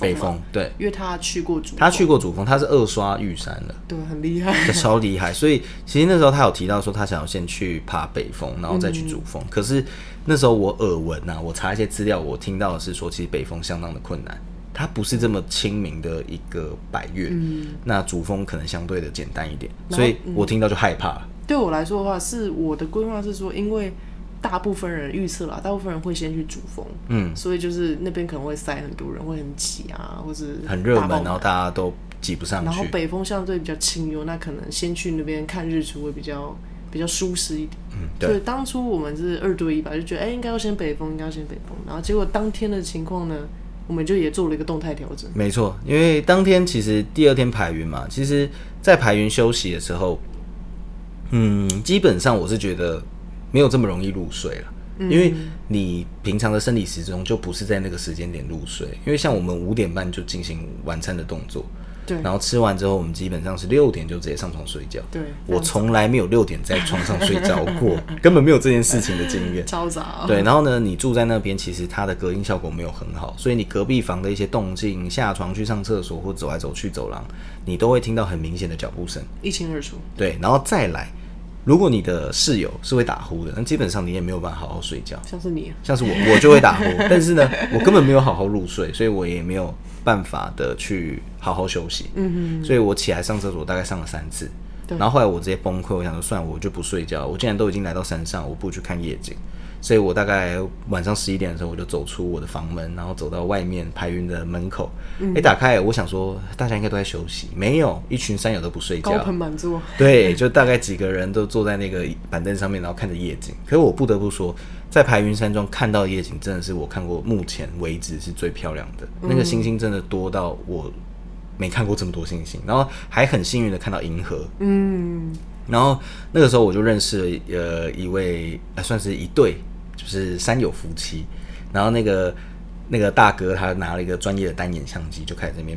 北峰。對，因為他去過主，他去過主峰，他是二刷玉山的，對，很厲害，超厲害。所以其實那時候他有提到說，他想要先去爬北峰，然後再去主峰，嗯。可是那時候我耳聞啊，我查一些資料，我聽到的是說，其實北峰相當的困難，它不是這麼清明的一個百岳。嗯，那主峰可能相對的簡單一點，所以我聽到就害怕，嗯，對我來說的話，是我的規劃是說，因為。大部分人預測啦，大部分人會先去主峰，嗯，所以就是那邊可能會塞很多人，會很擠啊，或是很熱門，然後大家都擠不上去。然後北峰相對比較清幽，那可能先去那邊看日出會比較比較舒適一點。嗯，對。所以當初我們是二對一吧，就覺得哎、欸，應該要先北峰，應該要先北峰。然後結果當天的情況呢，我們就也做了一個動態調整。沒錯，因為當天其實第二天排雲嘛，其實，在排雲休息的時候，嗯，基本上我是覺得。沒有這麼容易入睡了，因為你平常的生理時鐘就不是在那個時間點入睡。因為像我們五點半就進行晚餐的動作，對，然後吃完之後，我們基本上是六點就直接上床睡覺。對，我從來沒有六點在床上睡着過， [LAUGHS] 根本沒有這件事情的經驗。超早。對，然後呢，你住在那邊，其實它的隔音效果沒有很好，所以你隔壁房的一些動靜，下床去上廁所或走來走去走廊，你都會聽到很明顯的腳步聲，一清二楚。對，然後再來。如果你的室友是會打呼的，那基本上你也沒有辦法好好睡覺。像是你、啊，像是我，我就會打呼， [LAUGHS] 但是呢，我根本沒有好好入睡，所以我也沒有辦法的去好好休息。嗯哼嗯哼，所以我起來上廁所，我大概上了三次，然後後來我直接崩潰，我想說算了，算我就不睡覺，我既然都已經來到山上，我不如去看夜景。所以我大概晚上十一點的時候，我就走出我的房門，然後走到外面排雲的門口。一、嗯欸、打開，我想說，大家應該都在休息。沒有，一群山友都不睡覺。高朋滿座。對，就大概幾個人都坐在那個板凳上面，然後看着夜景。 [LAUGHS] 可是我不得不說，在排雲山莊看到的夜景，真的是我看過目前為止是最漂亮的、嗯。那個星星真的多到我沒看過這麼多星星，然後還很幸運的看到銀河。嗯。然後那個時候我就認識了呃一位、啊、算是一對，就是山友夫妻。然後那個那個大哥他拿了一個專業的單眼相機，就開始那邊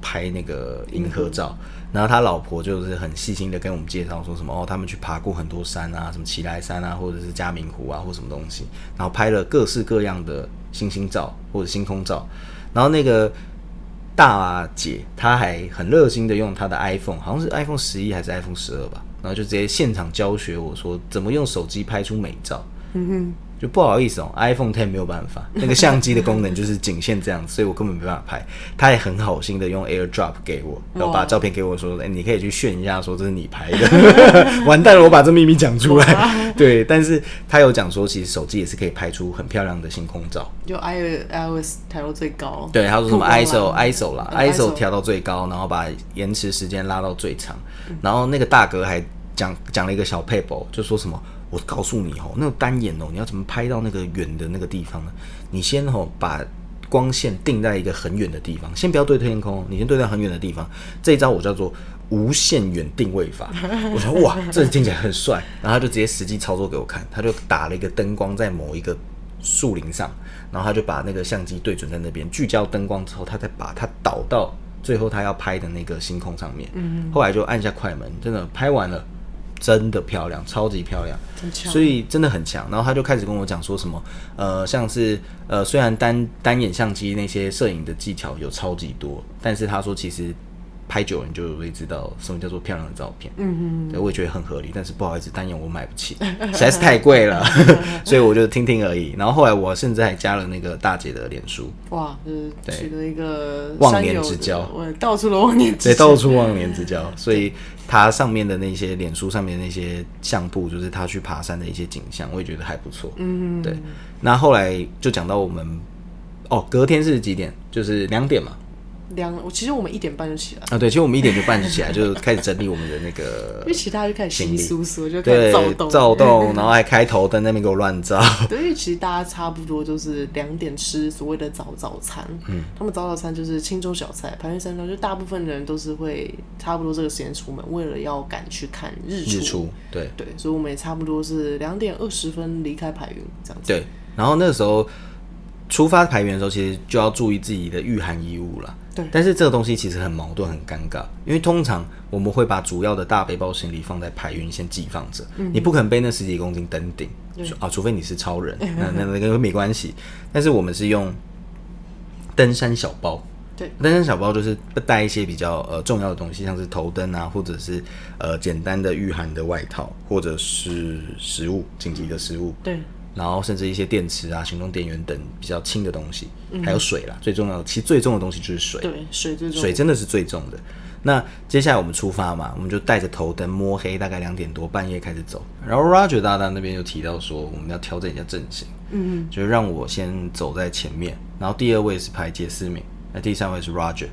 拍那個銀河照。嗯、然後他老婆就是很細心的跟我們介紹說什麼哦，他們去爬過很多山啊，什麼奇萊山啊，或者是嘉明湖啊，或什麼東西。然後拍了各式各樣的星星照或者星空照。然後那個大姐她還很熱心的用她的 iPhone，好像是 iPhone 十一，還是 iPhone 十二吧。然後就直接現場教學，我說怎麼用手機拍出美照。嗯哼，就不好意思哦、喔，iPhone Ten 沒有辦法，那個相機的功能就是僅限這樣， [LAUGHS] 所以我根本沒辦法拍。他也很好心的用 AirDrop 給我，然後把照片給我說，說、欸：“你可以去炫一下，說這是你拍的。 [LAUGHS] ” [LAUGHS] 完蛋了，我把這秘密講出來。對，但是他有講說，其實手機也是可以拍出很漂亮的星空照。就 IOS 調到最高，對，他說什麼 ISO ISO 啦，ISO 調、嗯、到最高，然後把延遲時間拉到最長，嗯，然後那個大哥還。講講了一個小 paper，就說什麼我告訴你哦，那個單眼哦、喔，你要怎麼拍到那個遠的那個地方呢？你先哦把光線定在一個很遠的地方，先不要對天空，你先對在很遠的地方。這一招我叫做無限遠定位法。我說哇，這個、聽起來很帥。 [LAUGHS] 然後他就直接實際操作給我看，他就打了一個燈光在某一個樹林上，然後他就把那個相機對準在那邊，聚焦燈光之後，他再把它導到最後他要拍的那個星空上面。嗯，後來就按下快門，真的拍完了。真的漂亮，超級漂亮，所以真的很強。然後他就開始跟我講說什麼，呃，像是呃，雖然單單眼相機那些攝影的技巧有超級多，但是他說其實。拍久了，你就會知道什麼叫做漂亮的照片。嗯嗯對，我也覺得很合理，但是不好意思，單眼我買不起，實在是太貴了， [LAUGHS] [LAUGHS] 所以我就聽聽而已。然後後來我甚至還加了那個大姐的臉書。哇，就是、取得一個忘年之交，我到處都忘年之交，對，到處忘年之交。所以她上面的那些臉書上面的那些相簿，就是她去爬山的一些景象，我也覺得還不錯。嗯嗯，對。那後來就講到我們哦，隔天是幾點？就是兩點嘛。兩，我其實我們一點半就起來啊，對，其實我們一點就半就起來， [LAUGHS] 就開始整理我們的那個行李，因為其他就開始心蘇蘇，就開始躁動，躁動， [LAUGHS] 然後還開頭燈在那邊給我亂照。對，因為其實大家差不多就是兩點吃所謂的早早餐，嗯，他們早早餐就是清粥小菜，排雲山莊，就大部分人都是會差不多這個時間出門，為了要趕去看日出，日出對對，所以我們也差不多是兩點二十分離開排雲，這樣子。對，然後那個時候出發排雲的時候，其實就要注意自己的御寒衣物了。但是這個東西其實很矛盾、很尷尬，因為通常我們會把主要的大背包行李放在排雲先寄放着、嗯、你不可能背那十幾公斤登頂，啊，除非你是超人，欸、呵呵那那那個沒關係。但是我們是用登山小包，對，登山小包就是帶一些比較呃重要的東西，像是頭燈啊，或者是呃簡單的御寒的外套，或者是食物，緊急的食物，對。然後甚至一些電池啊、行動電源等比較輕的東西，嗯、還有水啦。最重要，其實最重的東西就是水。對，水最重。水真的是最重的。嗯、那接下來我們出發嘛，我們就帶着頭燈摸黑，大概兩點多半夜開始走。然後 Roger 大大那邊就提到說，嗯、我們要調整一下陣型，嗯，就讓我先走在前面，然後第二位是排杰思敏，那第三位是 Roger。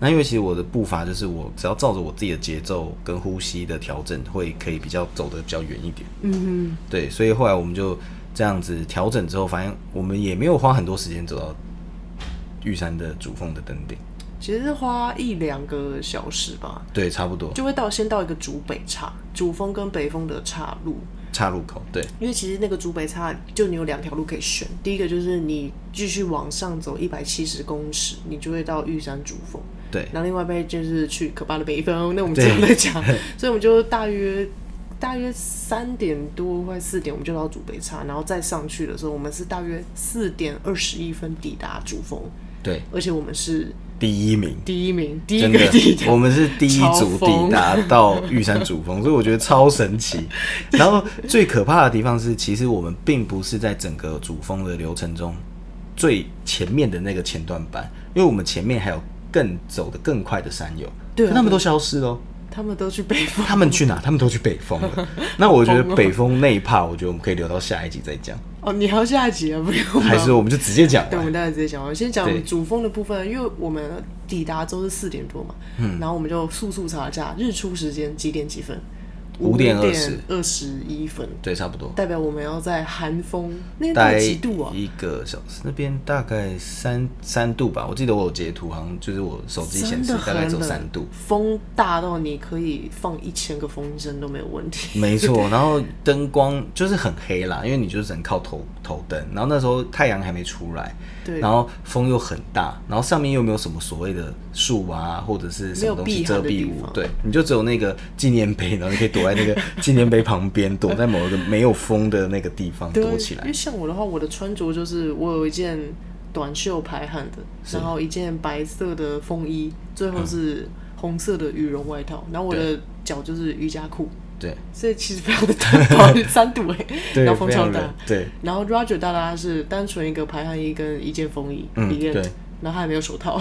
那因為其實我的步伐就是我只要照着我自己的節奏跟呼吸的調整，會可以比較走得比較遠一點。嗯嗯，對，所以後來我們就。這樣子調整之後，反正我們也沒有花很多時間走到玉山的主峰的登頂，其實是花一兩個小時吧。對，差不多就會到先到一個主北岔，主峰跟北峰的岔路，岔路口。對，因為其實那個主北岔就你有兩條路可以選，第一個就是你繼續往上走一百七十公尺，你就會到玉山主峰。對，然後另外一邊就是去可怕的北峰，那我們之後再講。所以我們就大約。大約三點多或四點，我們就到主北岔，然後再上去的時候，我們是大約四點二十一分抵達主峰。對，而且我們是第一名，第一名，第一個，真的，我們是第一組抵達到玉山主峰，所以我覺得超神奇。 [LAUGHS] 然後最可怕的地方是，其實我們並不是在整個主峰的流程中最前面的那個前段班，因為我們前面還有更走得更快的山友，對啊，他們都消失了。他們都去北峰，他們去哪？他們都去北峰了。 [LAUGHS] 那我覺得北峰那一趴，我覺得我們可以留到下一集再講。 [LAUGHS] 哦，你還要下一集啊？不用，還是我們就直接講。對，我們當然直接講。先我先講主峰的部分，因為我們抵達都是四點多嘛。嗯，然後我們就速速查一下日出時間幾點幾分。五點二十，二十一分，對，差不多。代表我們要在寒風，大概幾度啊？一個小時那邊大概三三度吧。我記得我有截圖，好像就是我手機顯示大概走三度，風大到你可以放一千個風箏都沒有問題。沒錯，然後燈光就是很黑啦，因為你就只能靠頭頭燈，然後那時候太陽還沒出來。然後風又很大，然後上面又沒有什麼所謂的樹啊或者是什麼東西遮蔽物。對，你就只有那個紀念碑，然後你可以躲在那個紀念碑旁邊， [LAUGHS] 躲在某個沒有風的那個地方躲起來。因為像我的話，我的穿着就是我有一件短袖排汗的，然後一件白色的風衣，最後是紅色的羽絨外套，嗯，然後我的腳就是瑜伽褲。對，所以其實非常的單薄，三度哎、欸，腦 [LAUGHS] 風超大。對，然後 Roger 大大是單純一個排汗衣跟一件風衣一件、嗯，然後他還沒有手套。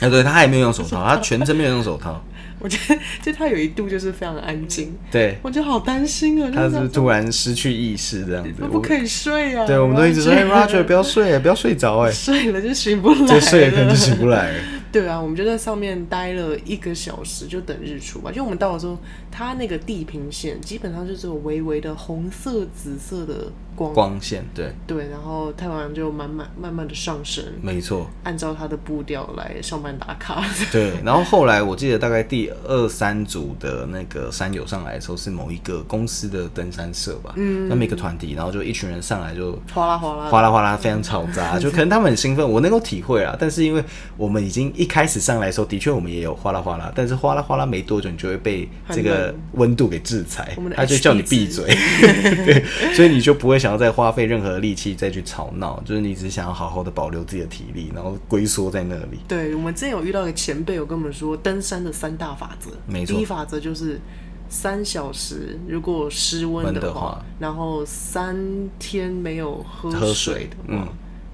哎、 [LAUGHS] 啊，對他還沒有用手，手套，他全身沒有用手套。我覺得就他有一度就是非常的安靜，對我覺得好擔、喔、就好擔心啊，他是，是突然失去意識這樣子。不，不，可啊、我我不可以睡啊！對，我們都一直在說 [LAUGHS] Roger 不要睡啊、欸，不要睡着哎、欸， [LAUGHS] 睡了就醒不來了，就睡了肯定醒不來了。對啊，我們就在上面待了一個小時，就等日出吧，就我們到的時候，它那個地平線基本上就只有微微的紅色，紫色的光光線。對對，然後太陽就慢慢慢慢的上升。沒錯，按照它的步調來上班打卡。對，對然後後來我記得大概第二三組的那個山友上來的時候，是某一個公司的登山社吧，嗯，那每個團體，然後就一群人上來就嘩啦嘩啦嘩啦嘩啦，嘩啦嘩啦非常嘈雜，就可能他們很興奮，我能夠體會啊。但是因為我們已經。一開始上來的時候，的確我們也有嘩啦嘩啦，但是嘩啦嘩啦沒多久，你就會被這個溫度給制裁，他就叫你閉嘴 [LAUGHS] 對，所以你就不會想要再花費任何力氣再去吵鬧，就是你只想要好好的保留自己的體力，然後龜縮在那裡。對，我們之前有遇到一個前輩，有跟我們說登山的三大法則，沒錯，第一法則就是三小時如果失溫的、的話，然後三天沒有喝水，喝水嗯，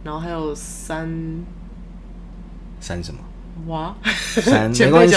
然後還有三三什麼？哇 [LAUGHS] [LAUGHS] [LAUGHS] 沒關係，前輩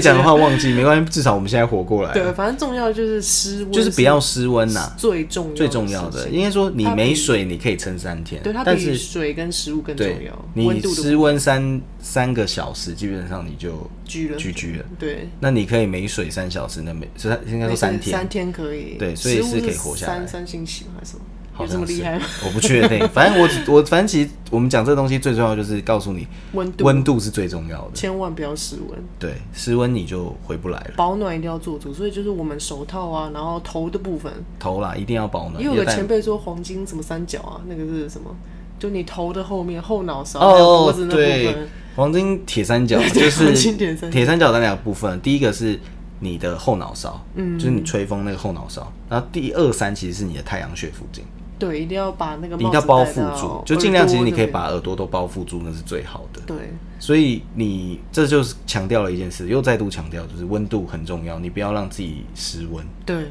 講的話忘記沒關係，至少我們現在活過來。對，反正重要的就是失溫，就是不要失溫吶。最重要最重要的，應該說你沒水，你可以撐三天。對它，但是水跟食物更重要。對你失溫三溫溫三,三個小時，基本上你就 GG 了，GG 了。對，那你可以沒水三小時，那沒，所以應該說三天，三天可以。對，所以是可以活下來三三星期還是什麼有這麼厲害嗎？我不確定。 [LAUGHS] 反正我我反正其實我們講這個東西最重要就是告訴你，溫度溫度是最重要的，千萬不要失溫。對，失溫你就回不來了。保暖一定要做足，所以就是我們手套啊，然後頭的部分。頭啦，一定要保暖。因為有個前輩說黃金什麼三角啊，那個是什麼？就你頭的後面，後腦勺哦，有脖子那部分。黃金鐵三角就是鐵三角。鐵三角有兩部分，第一個是你的後腦勺，嗯，就是你吹風那個後腦勺。然後第二三其實是你的太陽穴附近。對，一定要把那個你要包覆住，就儘量其實你可以把耳朵都包覆住，那是最好的。對，所以你這就是強調了一件事，又再度強調就是溫度很重要，你不要讓自己失溫。對，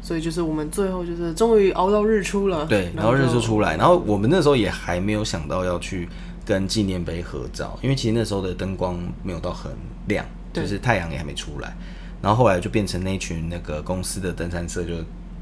所以就是我們最後就是終於熬到日出了，對，然後日出出來，然後，然後我們那時候也還沒有想到要去跟紀念碑合照，因為其實那時候的燈光沒有到很亮，就是太陽也還沒出來，然後後來就變成那群那個公司的登山社就。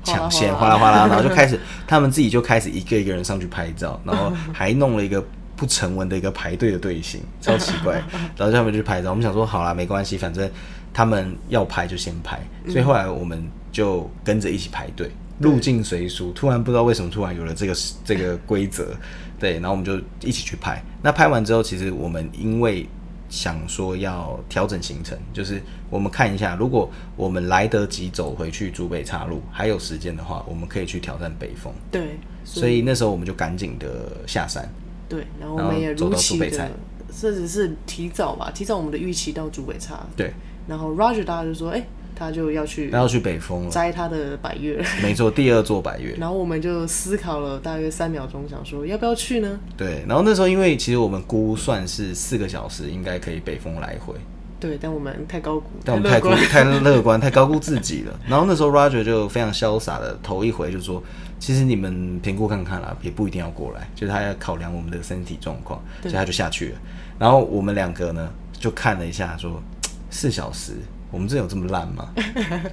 搶先，嘩啦嘩啦、啦、啦，然後就開始， [LAUGHS] 他們自己就開始一個一個人上去拍照，然後還弄了一個不成文的一個排隊的隊形， [LAUGHS] 超奇怪。然後他們就去拍照，我們想說，好啦，沒關係，反正他們要拍就先拍。所以後來我們就跟着一起排隊，入境隨俗，突然不知道為什麼，突然有了這個這個規則，對，然後我們就一起去拍。那拍完之後，其實我們因為。想說要調整行程，就是我們看一下，如果我們來得及走回去主北岔路，還有時間的話，我們可以去挑戰北峰。對，所，所以那時候我們就趕緊的下山。對，然後我們也如期的，這只是提早吧，提早我們的預期到主北岔。對，然後 Roger 大家就說，哎、欸。他就要去，要去北峰摘他的百嶽，沒錯，第二座百嶽。 [LAUGHS] 然後我們就思考了大約三秒鐘，想說要不要去呢？對。然後那時候，因為其實我們估算是四個小時應該可以北峰來回，對。但我們太高估，但我們太太樂觀，太樂觀，太樂觀 [LAUGHS] 太高估自己了。然後那時候，Roger 就非常瀟灑的頭一回就說：“其實你們評估看看啦，也不一定要過來。”就是他要考量我們的身體狀況，所以他就下去了。然後我們兩個呢，就看了一下說，說四小時。我們真的有這麼爛嗎？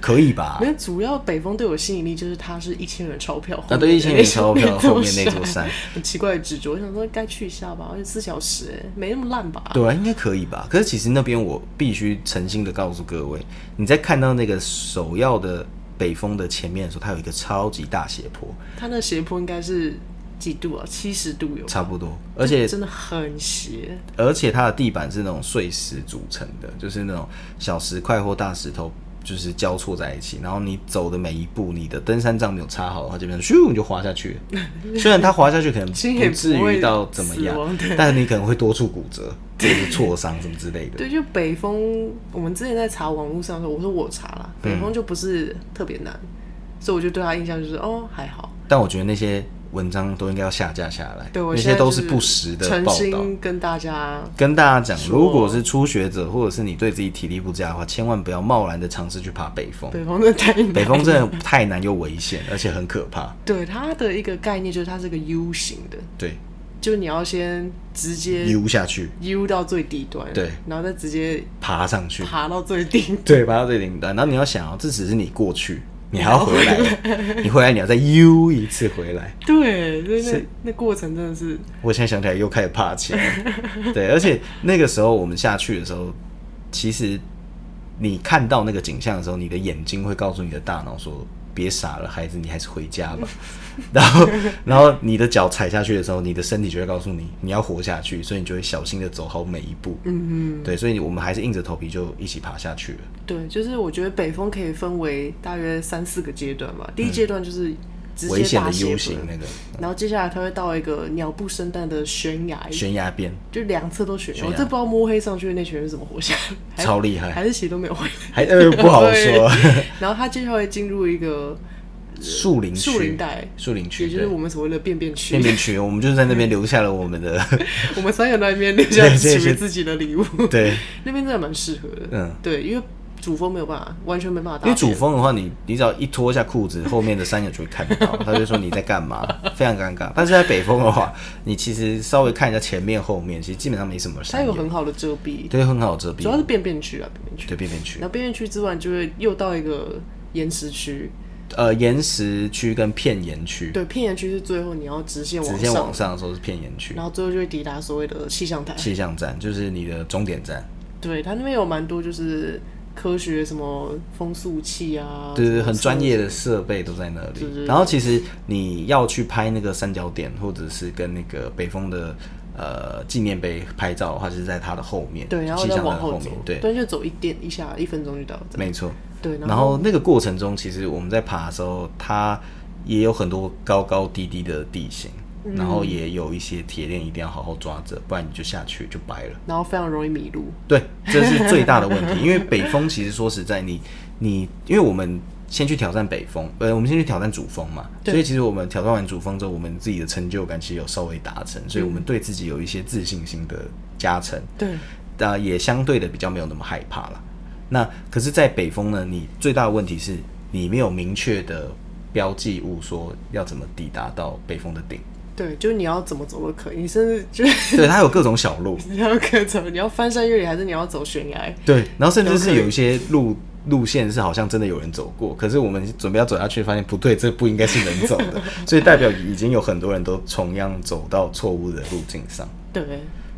[LAUGHS] 可以吧？主要北峰對我的吸引力就是它是一千元鈔票，那對一千元鈔票後面那座山， [LAUGHS] 座山 [LAUGHS] 很奇怪的執着，我想說該去一下吧，而且四小時，哎，沒那麼爛吧？ [LAUGHS] 對啊，應該可以吧？可是其實那邊我必須誠心的告訴各位，你在看到那個首要的北峰的前面的時候，它有一個超級大斜坡，它那斜坡應該是。幾度啊？七十度有沒有？差不多，而且真的很斜，而且它的地板是那種碎石組成的，就是那種小石塊或大石頭，就是交錯在一起。然後你走的每一步，你的登山杖沒有插好的話，這邊咻你就滑下去了。 [LAUGHS] 雖然它滑下去可能不至於到怎麼樣，但是你可能會多處骨折，或者、就是、挫傷什麼之類的。對，就北峰。我們之前在查網絡上的時候，我說我查了北峰，就不是特別難、嗯，所以我就對他印象就是哦還好。但我覺得那些。文章都應該要下架下來，對，我那些都是不實的報道。誠心跟大家跟大家講，如果是初學者，或者是你對自己體力不佳的話，千萬不要貿然的嘗試去爬北峰。北峰真的太難，又危險， [LAUGHS] 而且很可怕。對，它的一個概念就是它是個 U 型的，對，就你要先直接 U 下去，U 到最底端，對，然後再直接爬上去，爬到最頂，對，爬到最頂端， [LAUGHS] 端。然後你要想啊、哦，這只是你過去。你還要回來， [LAUGHS] 你回來你要再悠一次回來，對，所以那那那過程真的是，我現在想起來又開始怕起來， [LAUGHS] 對，而且那個時候我們下去的時候，其實你看到那個景象的時候，你的眼睛會告訴你的大腦說，別傻了，孩子，你還是回家吧。 [LAUGHS] [LAUGHS] 然後，然後你的腳踩下去的時候，你的身體就會告訴你你要活下去，所以你就會小心的走好每一步。嗯嗯，對，所以我們還是硬着頭皮就一起爬下去了。對，就是我覺得北峰可以分為大約三四個階段吧。第一階段就是直接、嗯、危險的 U 型那個，然後接下來他會到一個鳥不生蛋的懸崖懸崖邊，就兩側都懸崖。我真、哦、不知道摸黑上去的那群人怎麼活下來，超厲害，還是鞋都沒有換，還呃 [LAUGHS] 不好說。 [LAUGHS] 然後他接下來會進入一個。樹林區、樹林帶、樹林區，也就是我們所謂的便便區。便便區，我們就是在那邊留下了我們的。 [LAUGHS] [LAUGHS] 我們三個那邊留下了自己自己的禮物。對，對那邊真的蠻適合的。嗯，對，因為主峰沒有辦法，完全沒辦法大便。因為主峰的話你，你你只要一脫一下褲子，後面的山友就， [LAUGHS] 就會看不到，他就說你在幹嘛， [LAUGHS] 非常尷尬。但是在北峰的話，你其實稍微看一下前面後面，其實基本上沒什麼山友。它有很好的遮蔽，對，很好遮蔽。主要是便便區啊，便便區，對，便便區。那便便區之外，就會又到一個岩石區。呃，岩石區跟片岩區，對，片岩區是最後你要直線往上直線往上的時候是片岩區，然後最後就會抵達所謂的氣象台、氣象站，就是你的終點站。對，它那邊有蠻多就是科學什麼風速器啊，對對，很專業的設備都在那裡。是不是？然後其實你要去拍那個三角點，或者是跟那個北峰的，呃，紀念碑拍照的話，是在它的後面，對，然後氣象站的後面，對，但就走一點一下，一分鐘就到，沒錯，對然。然後那個過程中，其實我們在爬的時候，它也有很多高高低低的地形，嗯、然後也有一些鐵鏈，一定要好好抓着，不然你就下去就掰了，然後非常容易迷路，對，這是最大的問題。 [LAUGHS] 因為北峰，其實說實在，你你，因為我們。先去挑戰北峰，呃，我們先去挑戰主峰嘛。對。所以其實我們挑戰完主峰之後，我們自己的成就感其實有稍微達成，所以我們對自己有一些自信心的加成。對。啊、呃，也相對的比較沒有那麼害怕了。那可是在北峰呢？你最大的問題是，你沒有明確的標記物，說要怎麼抵達到北峰的頂。對，就是你要怎麼走都可以，你甚至就對它有各種小路， [LAUGHS] 你要各種你要翻山越嶺，還是你要走懸崖？對，然後甚至是有一些路。 [LAUGHS] 路線是好像真的有人走過，可是我們準備要走下去，發現不對，這不應該是能走的， [LAUGHS] 所以代表已經有很多人都同樣走到錯誤的路徑上。對，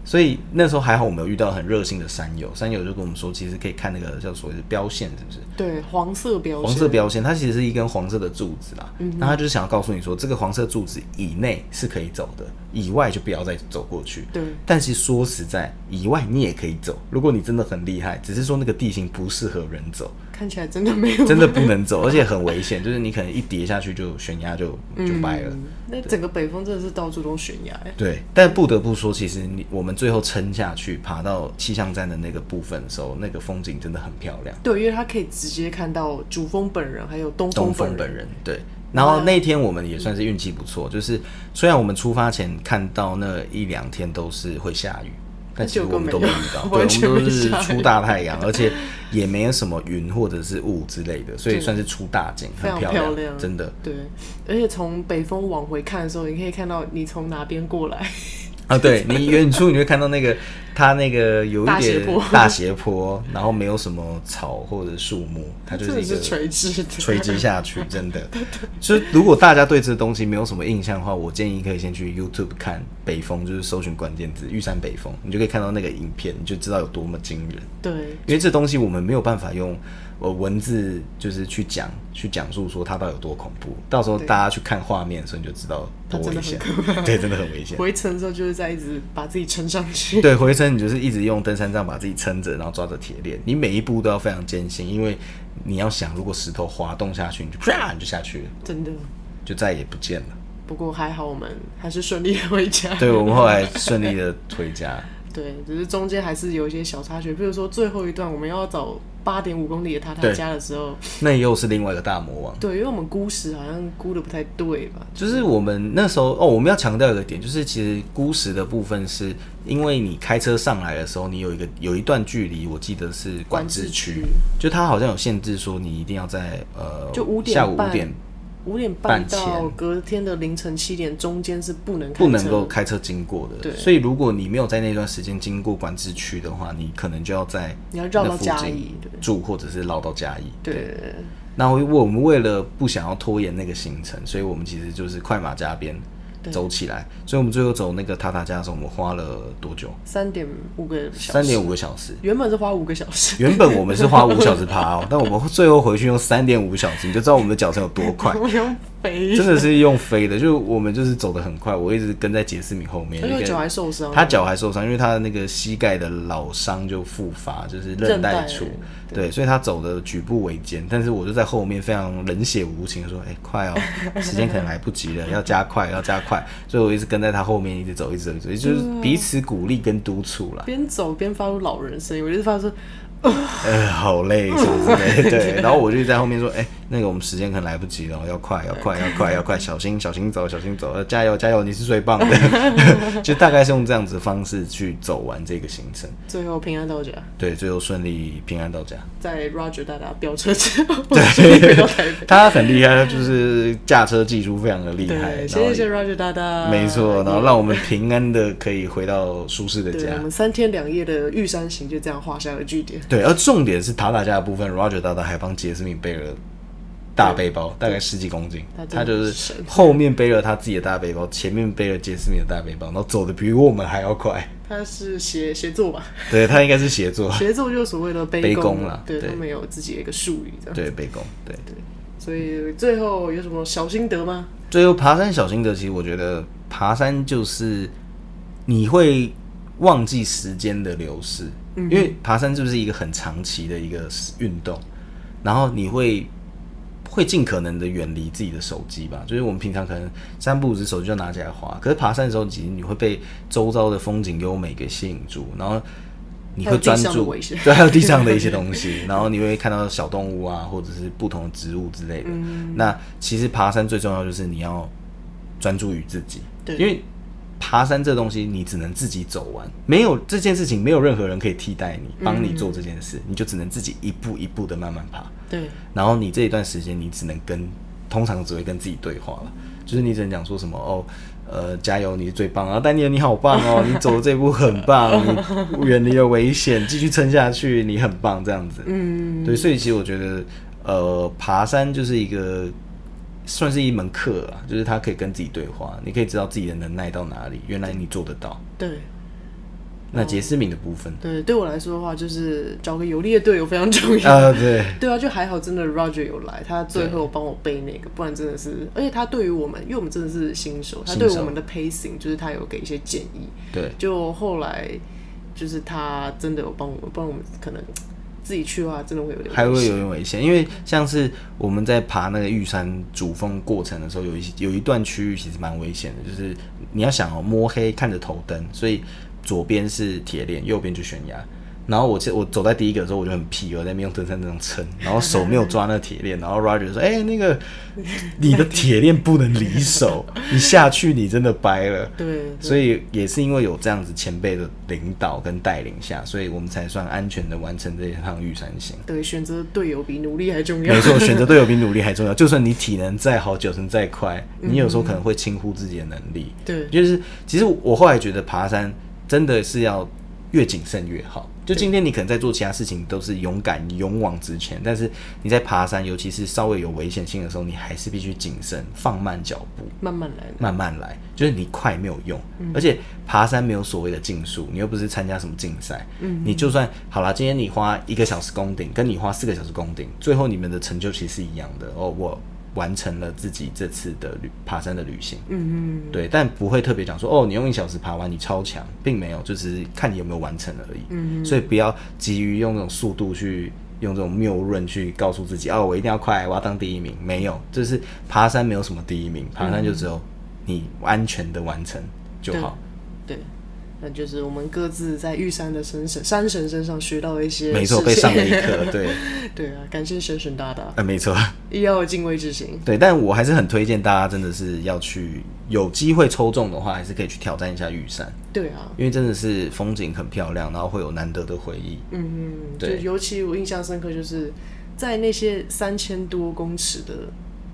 所以那時候還好我們有遇到很熱心的山友，山友就跟我們說，其實可以看那個叫所謂的標線，是不是？對，黃色標線，黃色標線，它其實是一根黃色的柱子啦，嗯，那他就是想要告訴你說，這個黃色柱子以內是可以走的。以外就不要再走過去。對，但是說實在，以外你也可以走。如果你真的很厲害，只是說那個地形不適合人走，看起來真的沒有，真的不能走，而且很危險。 [LAUGHS] 就是你可能一跌下去就 [LAUGHS] 懸崖就就掰了、嗯。那整個北峰真的是到處都懸崖呀。對，但不得不說，其實你我們最後撐下去爬到氣象站的那個部分的時候，那個風景真的很漂亮。對，因為它可以直接看到主峰本人，還有東峰本，本人。對。然後那天我們也算是運氣不錯，嗯，就是雖然我們出發前看到那一兩天都是會下雨，但其實我們都沒遇到，對，我們都是出大太陽， [LAUGHS] 而且也沒有什麼雲或者是霧之類的，所以算是出大景，很漂亮，很漂亮，真的。對，而且從北峰往回看的時候，你可以看到你從哪邊過來。 [LAUGHS] 啊，對，你遠處你會看到那個， [LAUGHS] 它那個有一點大斜坡，然後沒有什麼草或者樹木，它就是一個垂直垂直下去，真的。所 [LAUGHS] 以如果大家對這東西沒有什麼印象的話，我建議可以先去 YouTube 看北峰，就是搜尋關鍵字玉山北峰，你就可以看到那個影片，你就知道有多麼驚人。對，因為這東西我們沒有辦法用。呃，文字就是去講，去講述說它到底有多恐怖。到時候大家去看畫面，所以你就知道多危險，啊。對，真的很危險。 [LAUGHS] 回程的時候就是在一直把自己撐上去。對，回程你就是一直用登山杖把自己撐着，然後抓着鐵鏈，你每一步都要非常艱辛，因為你要想，如果石頭滑動下去，你就啪就下去了，真的就再也不見了。不過還好，我們還是順利回家。對，我們後來順利的回家。 [LAUGHS] 對，只是中間還是有一些小插曲，比如說最後一段我們要找。八點五公里的他，他家的時候，那又是另外一個大魔王。 [LAUGHS] 對，因為我們估時好像估的不太對吧？就是我們那時候哦，我們要強調一個點，就是其實估時的部分，是因為你開車上來的時候，你有一個有一段距離，我記得是管制區，就它好像有限制，說你一定要在呃，就五點下午五點。五點半到隔天的凌晨七點，中間是不能開車不能夠開車經過的。對，所以，如果你沒有在那段時間經過管制區的話，你可能就要在那附近你要繞到嘉義住，或者是繞到嘉義。對，那我們為了不想要拖延那個行程，所以我們其實就是快馬加鞭。走起來，所以我們最後走那個塔塔加的時候，我們花了多久？三點五個小時，三點五個小時。原本是花五個小時。 [LAUGHS] 原本我們是花五小時爬喔， [LAUGHS] 但我們最後回去用三點五小時， [LAUGHS] 你就知道我們的腳程有多快。 [LAUGHS] [LAUGHS] 真的是用飛的，就我們就是走得很快，我一直跟在傑斯敏後面。因為腳還受傷，他腳還受傷，因為他的那個膝蓋的老傷就復發，就是韌帶處，對，所以他走的舉步維艱。但是我就在後面非常冷血無情，說：“哎、欸，快哦，時間可能來不及了， [LAUGHS] 要加快，要加快。”所以我一直跟在他後面，一直走，一直走，一直、啊、就是彼此鼓勵跟督促啦。邊走邊發出老人聲音，我就是發出說。呃，好累，是不是、嗯？對，然後我就在後面說，哎、 [LAUGHS] 欸，那個我們時間可能來不及了，要快，要快，要快，要快，小心，小心走，小心走，加油，加油，你是最棒的。 [LAUGHS] 就大概是用這樣子的方式去走完這個行程，最後平安到家。對，最後順利平安到家。在 Roger 大大飆車之後，對， [LAUGHS] 他很厲害，他就是駕車技術非常的厲害。謝謝 Roger 大大，沒錯，然後讓我們平安的可以回到舒適的家。我們三天兩夜的玉山行就這樣畫下了句點。對，而重點是塔塔家的部分，Roger 大大還幫傑斯米背了大背包，大概十幾公斤。他就是後面背了他自己的大背包，前面背了傑斯米的大背包，然後走的比我們還要快。他是協協作吧？對，他應該是協作。協作就是所謂的背功了。對，他沒有自己的一個術語這樣。對，背功，對，對。所以最後有什麼小心得嗎？最後爬山小心得，其實我覺得爬山就是你會忘記時間的流逝。因為爬山是不是一個很長期的一個運動？然後你會會盡可能的遠離自己的手機吧。就是我們平常可能散步時手機就要拿起來滑，可是爬山的時候，你會被周遭的風景優美給我每個吸引住，然後你會專注對，還有地上的,地上的一些東西， [LAUGHS] 然後你會看到小動物啊，或者是不同的植物之類的。嗯、那其實爬山最重要就是你要專注於自己，對因為。爬山這東西，你只能自己走完，沒有這件事情，沒有任何人可以替代你，嗯、幫你做這件事，你就只能自己一步一步的慢慢爬。對，然後你這一段時間，你只能跟通常只會跟自己對話了，就是你只能講說什麼哦，呃，加油，你是最棒啊，丹尼爾你好棒哦， [LAUGHS] 你走的這步很棒，你遠離了危險，繼續撐下去，你很棒，這樣子。嗯，對，所以其實我覺得，呃，爬山就是一個。算是一門課啊，就是他可以跟自己對話，你可以知道自己的能耐到哪裡。原來你做得到。對。那傑斯敏的部分。哦，對，對我來說的話，就是找個有力的隊友非常重要。啊，對。對啊，就還好，真的，Roger 有來，他最後幫我背那個，不然真的是，而且他對於我們，因為我們真的是新手，他對我們的 pacing 就是他有給一些建議。對。就後來就是他真的有幫我們，不然我們可能。自己去的話，真的會有點危險，還會有點危險，因為像是我們在爬那個玉山主峰過程的時候，有一有一段區域其實蠻危險的，就是你要想、哦、摸黑看着頭燈，所以左邊是鐵鏈，右邊就懸崖。然後我其實我走在第一個的時候，我就很屁，我在那邊用登山杖撐，然後手沒有抓那鐵鏈， [LAUGHS] 然後 Roger 說：“哎，那個你的鐵鏈不能離手，你 [LAUGHS] 下去你真的掰了。對”對，所以也是因為有這樣子前輩的領導跟帶領下，所以我們才算安全的完成這一趟玉山行。對，選擇隊友比努力還重要。沒錯，選擇隊友比努力還重要。 [LAUGHS] 就算你體能再好，腳程再快，你有時候可能會輕忽自己的能力。對，就是其實我後來覺得爬山真的是要越謹慎越好。就今天，你可能在做其他事情都是勇敢、勇往直前，但是你在爬山，尤其是稍微有危險性的時候，你還是必須謹慎、放慢腳步，慢慢來，慢慢來。就是你快沒有用，嗯、而且爬山沒有所謂的競速，你又不是參加什麼競賽、嗯。你就算好啦，今天你花一個小時攻頂，跟你花四個小時攻頂，最後你們的成就其實是一樣的。哦、oh, wow，我，完成了自己這次的旅爬山的旅行，嗯嗯，對，但不會特別講說哦，你用一小時爬完，你超強，並沒有，就只是看你有沒有完成而已，嗯嗯，所以不要急於用這種速度，去用這種謬論去告訴自己，哦，我一定要快，我要當第一名，沒有，就是爬山沒有什麼第一名，爬山就只有你安全的完成就好，嗯、對。對那就是我們各自在玉山的神神山神身上學到一些，沒錯，被上了一課，對， [LAUGHS] 對啊，感謝神神大大，哎、呃，沒錯，一定要有敬畏之心，對，但我還是很推薦大家，真的是要去，有機會抽中的話，還是可以去挑戰一下玉山，對啊，因為真的是風景很漂亮，然後會有難得的回憶，嗯、啊、嗯，對，尤其我印象深刻，就是在那些三千多公尺的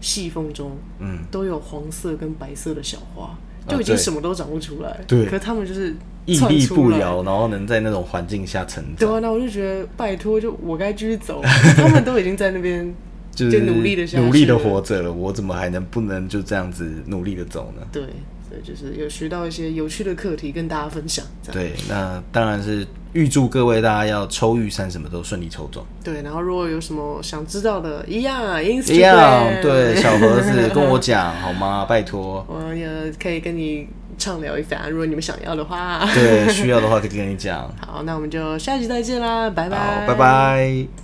隙縫中，嗯，都有黃色跟白色的小花，就已經什麼都長不出來，對，可是他們就是。屹立不搖，然後能在那種環境下成長。對啊，那我就覺得，拜託，就我該繼續走。他們都已經在那邊，就是努力的、努力的活着了，我怎麼還能不能就這樣子努力的走呢？對，所以就是有學到一些有趣的課題跟大家分享。對，那當然是預祝各位大家要抽玉山什麼都順利抽中。對，然後如果有什麼想知道的，一樣啊，Instagram，一樣，對，小盒子跟我講 [LAUGHS] 好嗎？拜託，我也可以跟你。暢聊一番，如果你們想要的話，對，需要的話可以跟你講。 [LAUGHS] 好，那我們就下期再見啦，好，拜拜，拜拜。